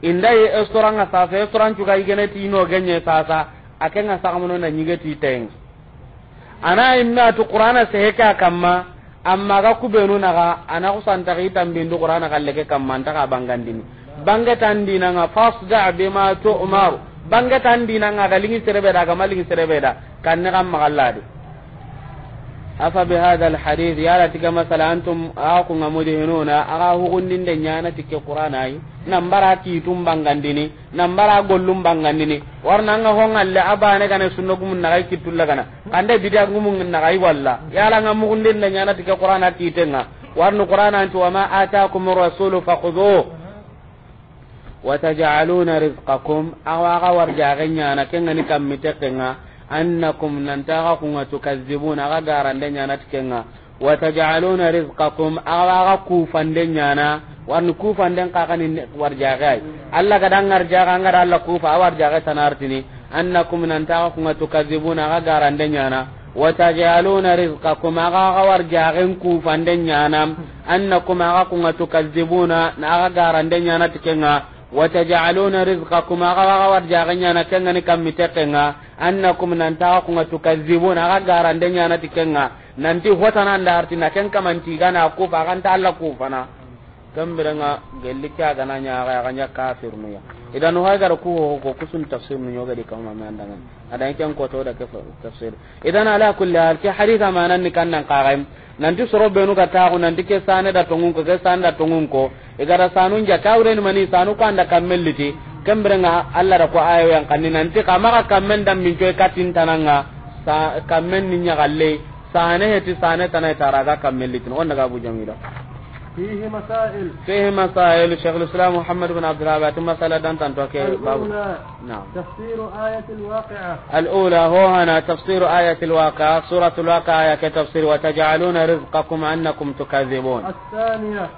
inda ye estoranga sasa estorancuga igene tiino genye sasa akenga sagamunona ñige tiitenga ana imme atu qur'ana seheke a kamma amma ga kubenu naga ana kusantaki tambindu qur'ana kalleke kamma antaka bangandini bangetan dinanga fasda bima tu'maru bangetan dinanga galingi serebe da gamalingi serebe da kan ne kam magalladi afa bi hadha al hadith ya la tiga masala antum aku aga de nyana tikke qur'ana nambara ti nambara gollum bangandini warna nga ho ngalle abane kana na kay kitulla kana bidia na kay walla ya la de nyana tikke qur'ana ti tenga warnu qur'ana antu wa ma ataakum fakhudhu wa taj'aluna rizqakum warja kenga ni annakum nantaga kunga tukazzibuna aga garande nyana tikenga wa taj'aluna rizqakum aga kufande nyana warni kufanden kakani warjagai alla gada ngarjaga ngara alla kufa awarjaga sanartini annakum nantaga kunga ga garan garande nyana wa taj'aluna rizqakum aga aga ku kufande nyana annakum aga kunga tukazzibuna na aga garande nyana tikenga na وتجعلون رزقكم أغاغا ورجاغنيا نكنغني كم متقنغا أنكم ننتاقوا تكذبون أغاغارا na tikenga nanti hotana arti na kenka manti gana kufa ganta alla kufana gambirenga gelli kya gana nya aga ganya kafir nuya idan ho gar ku ko kusun tafsir nuyo ga kam ma mandangan adan ken ko to da ke tafsir idan ala kulli hal ki haditha manan ni kannan qaraim nanti soro benu ka taxu nanti ke sane da tongun ko ke sane da tongun ko igara sanun ja kawreni mani sanu kanda kammelliti kemberenga allah da ko ayo yang kanni nanti kamaga kammen dan min coy katin tananga kammen ni galle sane heti sane tanai taraga kammelliti on daga bu jamila فيه مسائل فيه مسائل شيخ الاسلام محمد بن عبد الوهاب مسألة دان تنتوكي الأولى نعم تفسير آية الواقعة الأولى هو هنا تفسير آية الواقعة سورة الواقعة آية كتفسير وتجعلون رزقكم أنكم تكذبون الثانية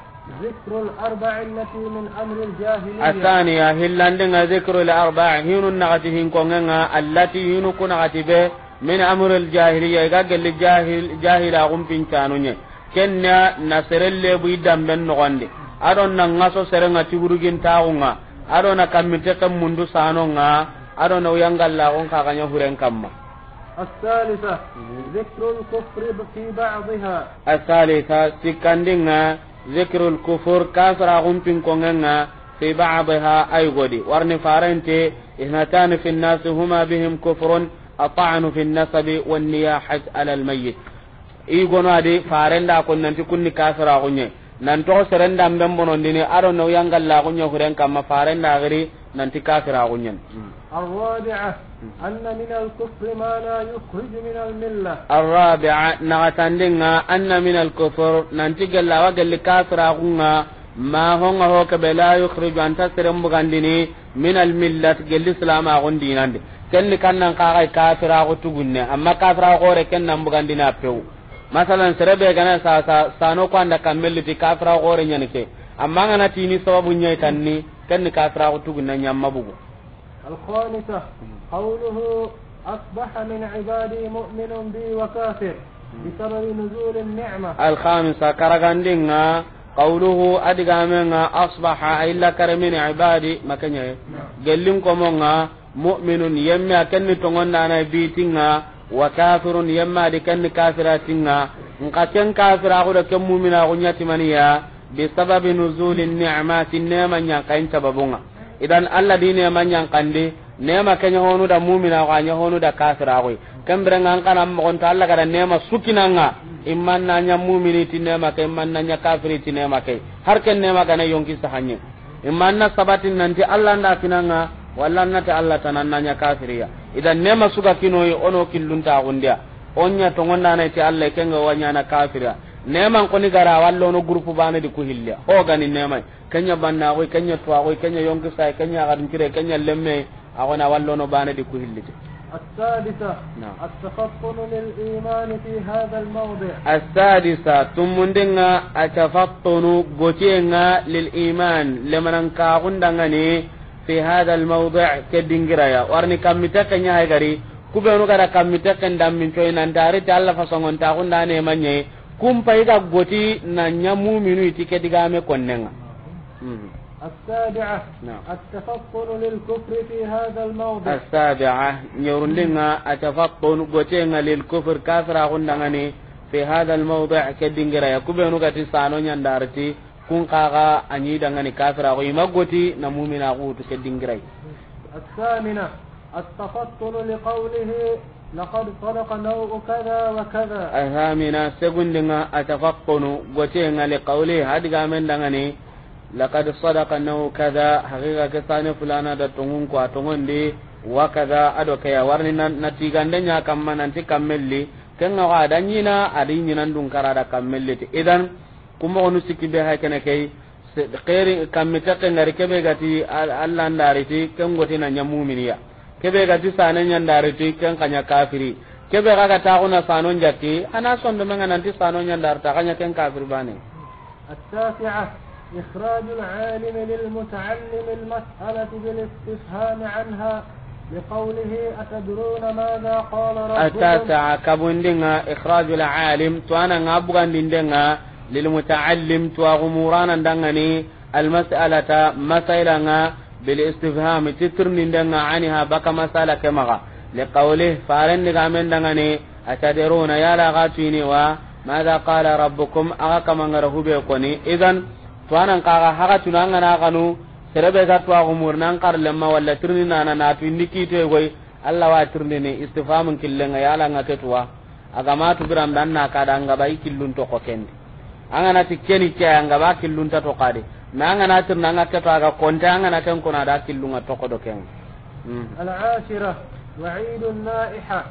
ذكر الأربع التي من أمر الجاهلية الثانية لندن ذكر الأربع هينو نغتي هنكونغا التي هي كنغتي به من أمر الجاهلية قال للجاهل جاهل أغم بنتانونيه kenya na serelle bu damben no gonde adon na ngaso serenga tiburugin taunga adon na kamite kam mundu sanonga adon na uyangalla on ka ganya huren kamma الثالثة ذكر الكفر في بعضها الثالثة سكندنا ذكر الكفر كاسر غمبين كونغنا في بعضها أي غدي ورن فارنتي اثنتان في الناس هما بهم كفر الطعن في النسب والنياحة على الميت Iyyi gonma adii faarandaa kun naan kunni kafiraakun nii naan toosoreen daa mba mbooloo dini adonda yaa ngallaakun nyaafureen kama faarandaa kiri naan ci kafiraakun ngeen. Awoodeex. Anaminal koffiima naa yukuri jibinal mil la. Awoodeex nagasande nga anaminal koffor naan ci galaan waa gali kafiraakun nga maa ho'nna hoo kebellaayi ukkriiban tasira Kenni kan na kaay kafiraaku tugunne amma kafiraaku hori kennan mbugaan a pew masalan serebe gana sa sa sano ko anda kamelli ti kafra gore nyani te amma ngana ti sababu nyai tanni ken kafra ko tugu na nyamma bugo al khanisa qawluhu asbaha min ibadi mu'minun bi wa kafir بسبب نزول النعمة الخامسة كرغاندينغا قوله أدغامينغا أصبح إلا كرمين عبادي ما كان muminun قلن كومونغا مؤمن يمي أكني تغنى نبيتينغا wa kafirun yamma di kan kafiratinga nka ken kafira ko da ken mu'mina ko nyati maniya bi sababi nuzulin ni'mati nema nya kan tababunga idan allah dine man nya kande nema kenya honu da mu'mina ko anya honu da kafira ko kan brenga an kana mo ta allah kada nema sukinanga imman na nya mu'mini tin nema kay man na nya kafiri tin nema kai har ken nema kana yonki sahanye imman na sabatin nanti allah nda finanga walla nata allah tananna nya kafiriya idan nema suga yi ono gundiya onya tongondanaiti allah kenga na kafira nema ko ni gara grupu bana di ku hilla hogani nemai kenya bannaxoy kenya tuwaxoy kenya yonkisay kenya kire kenya lemme no bana di ku hillite السادسة نعم. التفطن للإيمان في هذا الموضع السادسة تمندنا التفطن قتينا للإيمان لمن انكاغن دغني fi hada almawdi' kedingiraya warni kammite kenya hay gari kubenu gara kammite ken nan dari ta alla fasongon ta kun dane manye kumpa iga goti na nya muminu konnenga السابعة التفطن للكفر في هذا الموضع السابعة التفطن للكفر كافر في هذا الموضع kun kaga an yi dangane kafira ko ima goti na mumina ko to kedin girai asamina astafattul li qawlihi laqad sadaqa law kaza wa kada asamina segun dinga atafaqqunu goti ngale qawli hadiga men dangane laqad sadaqa law kaza hakika ke sane fulana da tungun ko atungun di wa kaza ado kaya warni na tigandanya kamma nanti kammelli kenno adanyina adinyina dun karada kammelli idan kumogonu sikkibe hay kene kei keri kammi tekke ngari kebe gati allah ndariti ken na nya muminiya kebe gati sane nya ndariti ken kanya kafiri kebe ga ga tauna sano jakki ana do menga nanti sano nya ndarta kanya ken kafir bane lil muta'allim al للمتعلم المسألة istifham عنها بقوله أتدرون ماذا قال ربكم التاسعة كبندنا إخراج العالم توانا ngabgan dindena lil ta callin tuwa mu muranna dangane almasi alata masaila nga bile istikma tira tira tira nda cani baka masala kai maka liqa uli faren daga min dangane atadera u ya da katu wa maza kawale rabu-kom a ka kama gara hube ko ni idan tuwananka haka tuna na gano cirebe ta tuwa mu murna karilen ma wala tira na na na tuyi ni Allah wa tira ni isticma kilinli nga ya da katu wa a ga ma tubirin dan na ka dan gaba kilin duniya ko kente. angana ti keni ke anga ba killunta to kade ma angana tir nanga ke to aga konta angana ken kona da ta to kodo ken hmm. al ashira wa'id naiha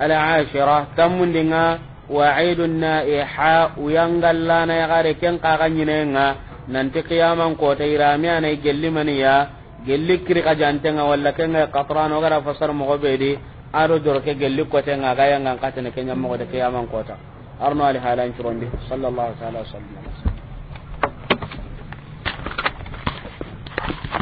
al ashira tamundinga wa'id naiha uyangalla na yare ken kaga nyinenga nanti qiyaman ko ta irami anai gellimani ya gelli kiri ka jantenga walla kenga qatrano gara fasar mo gobedi aro dorke gelli ko tenga ga yanga katene kenya mo de qiyaman kota أرنا لها لانشرون به صلى الله تعالى وسلم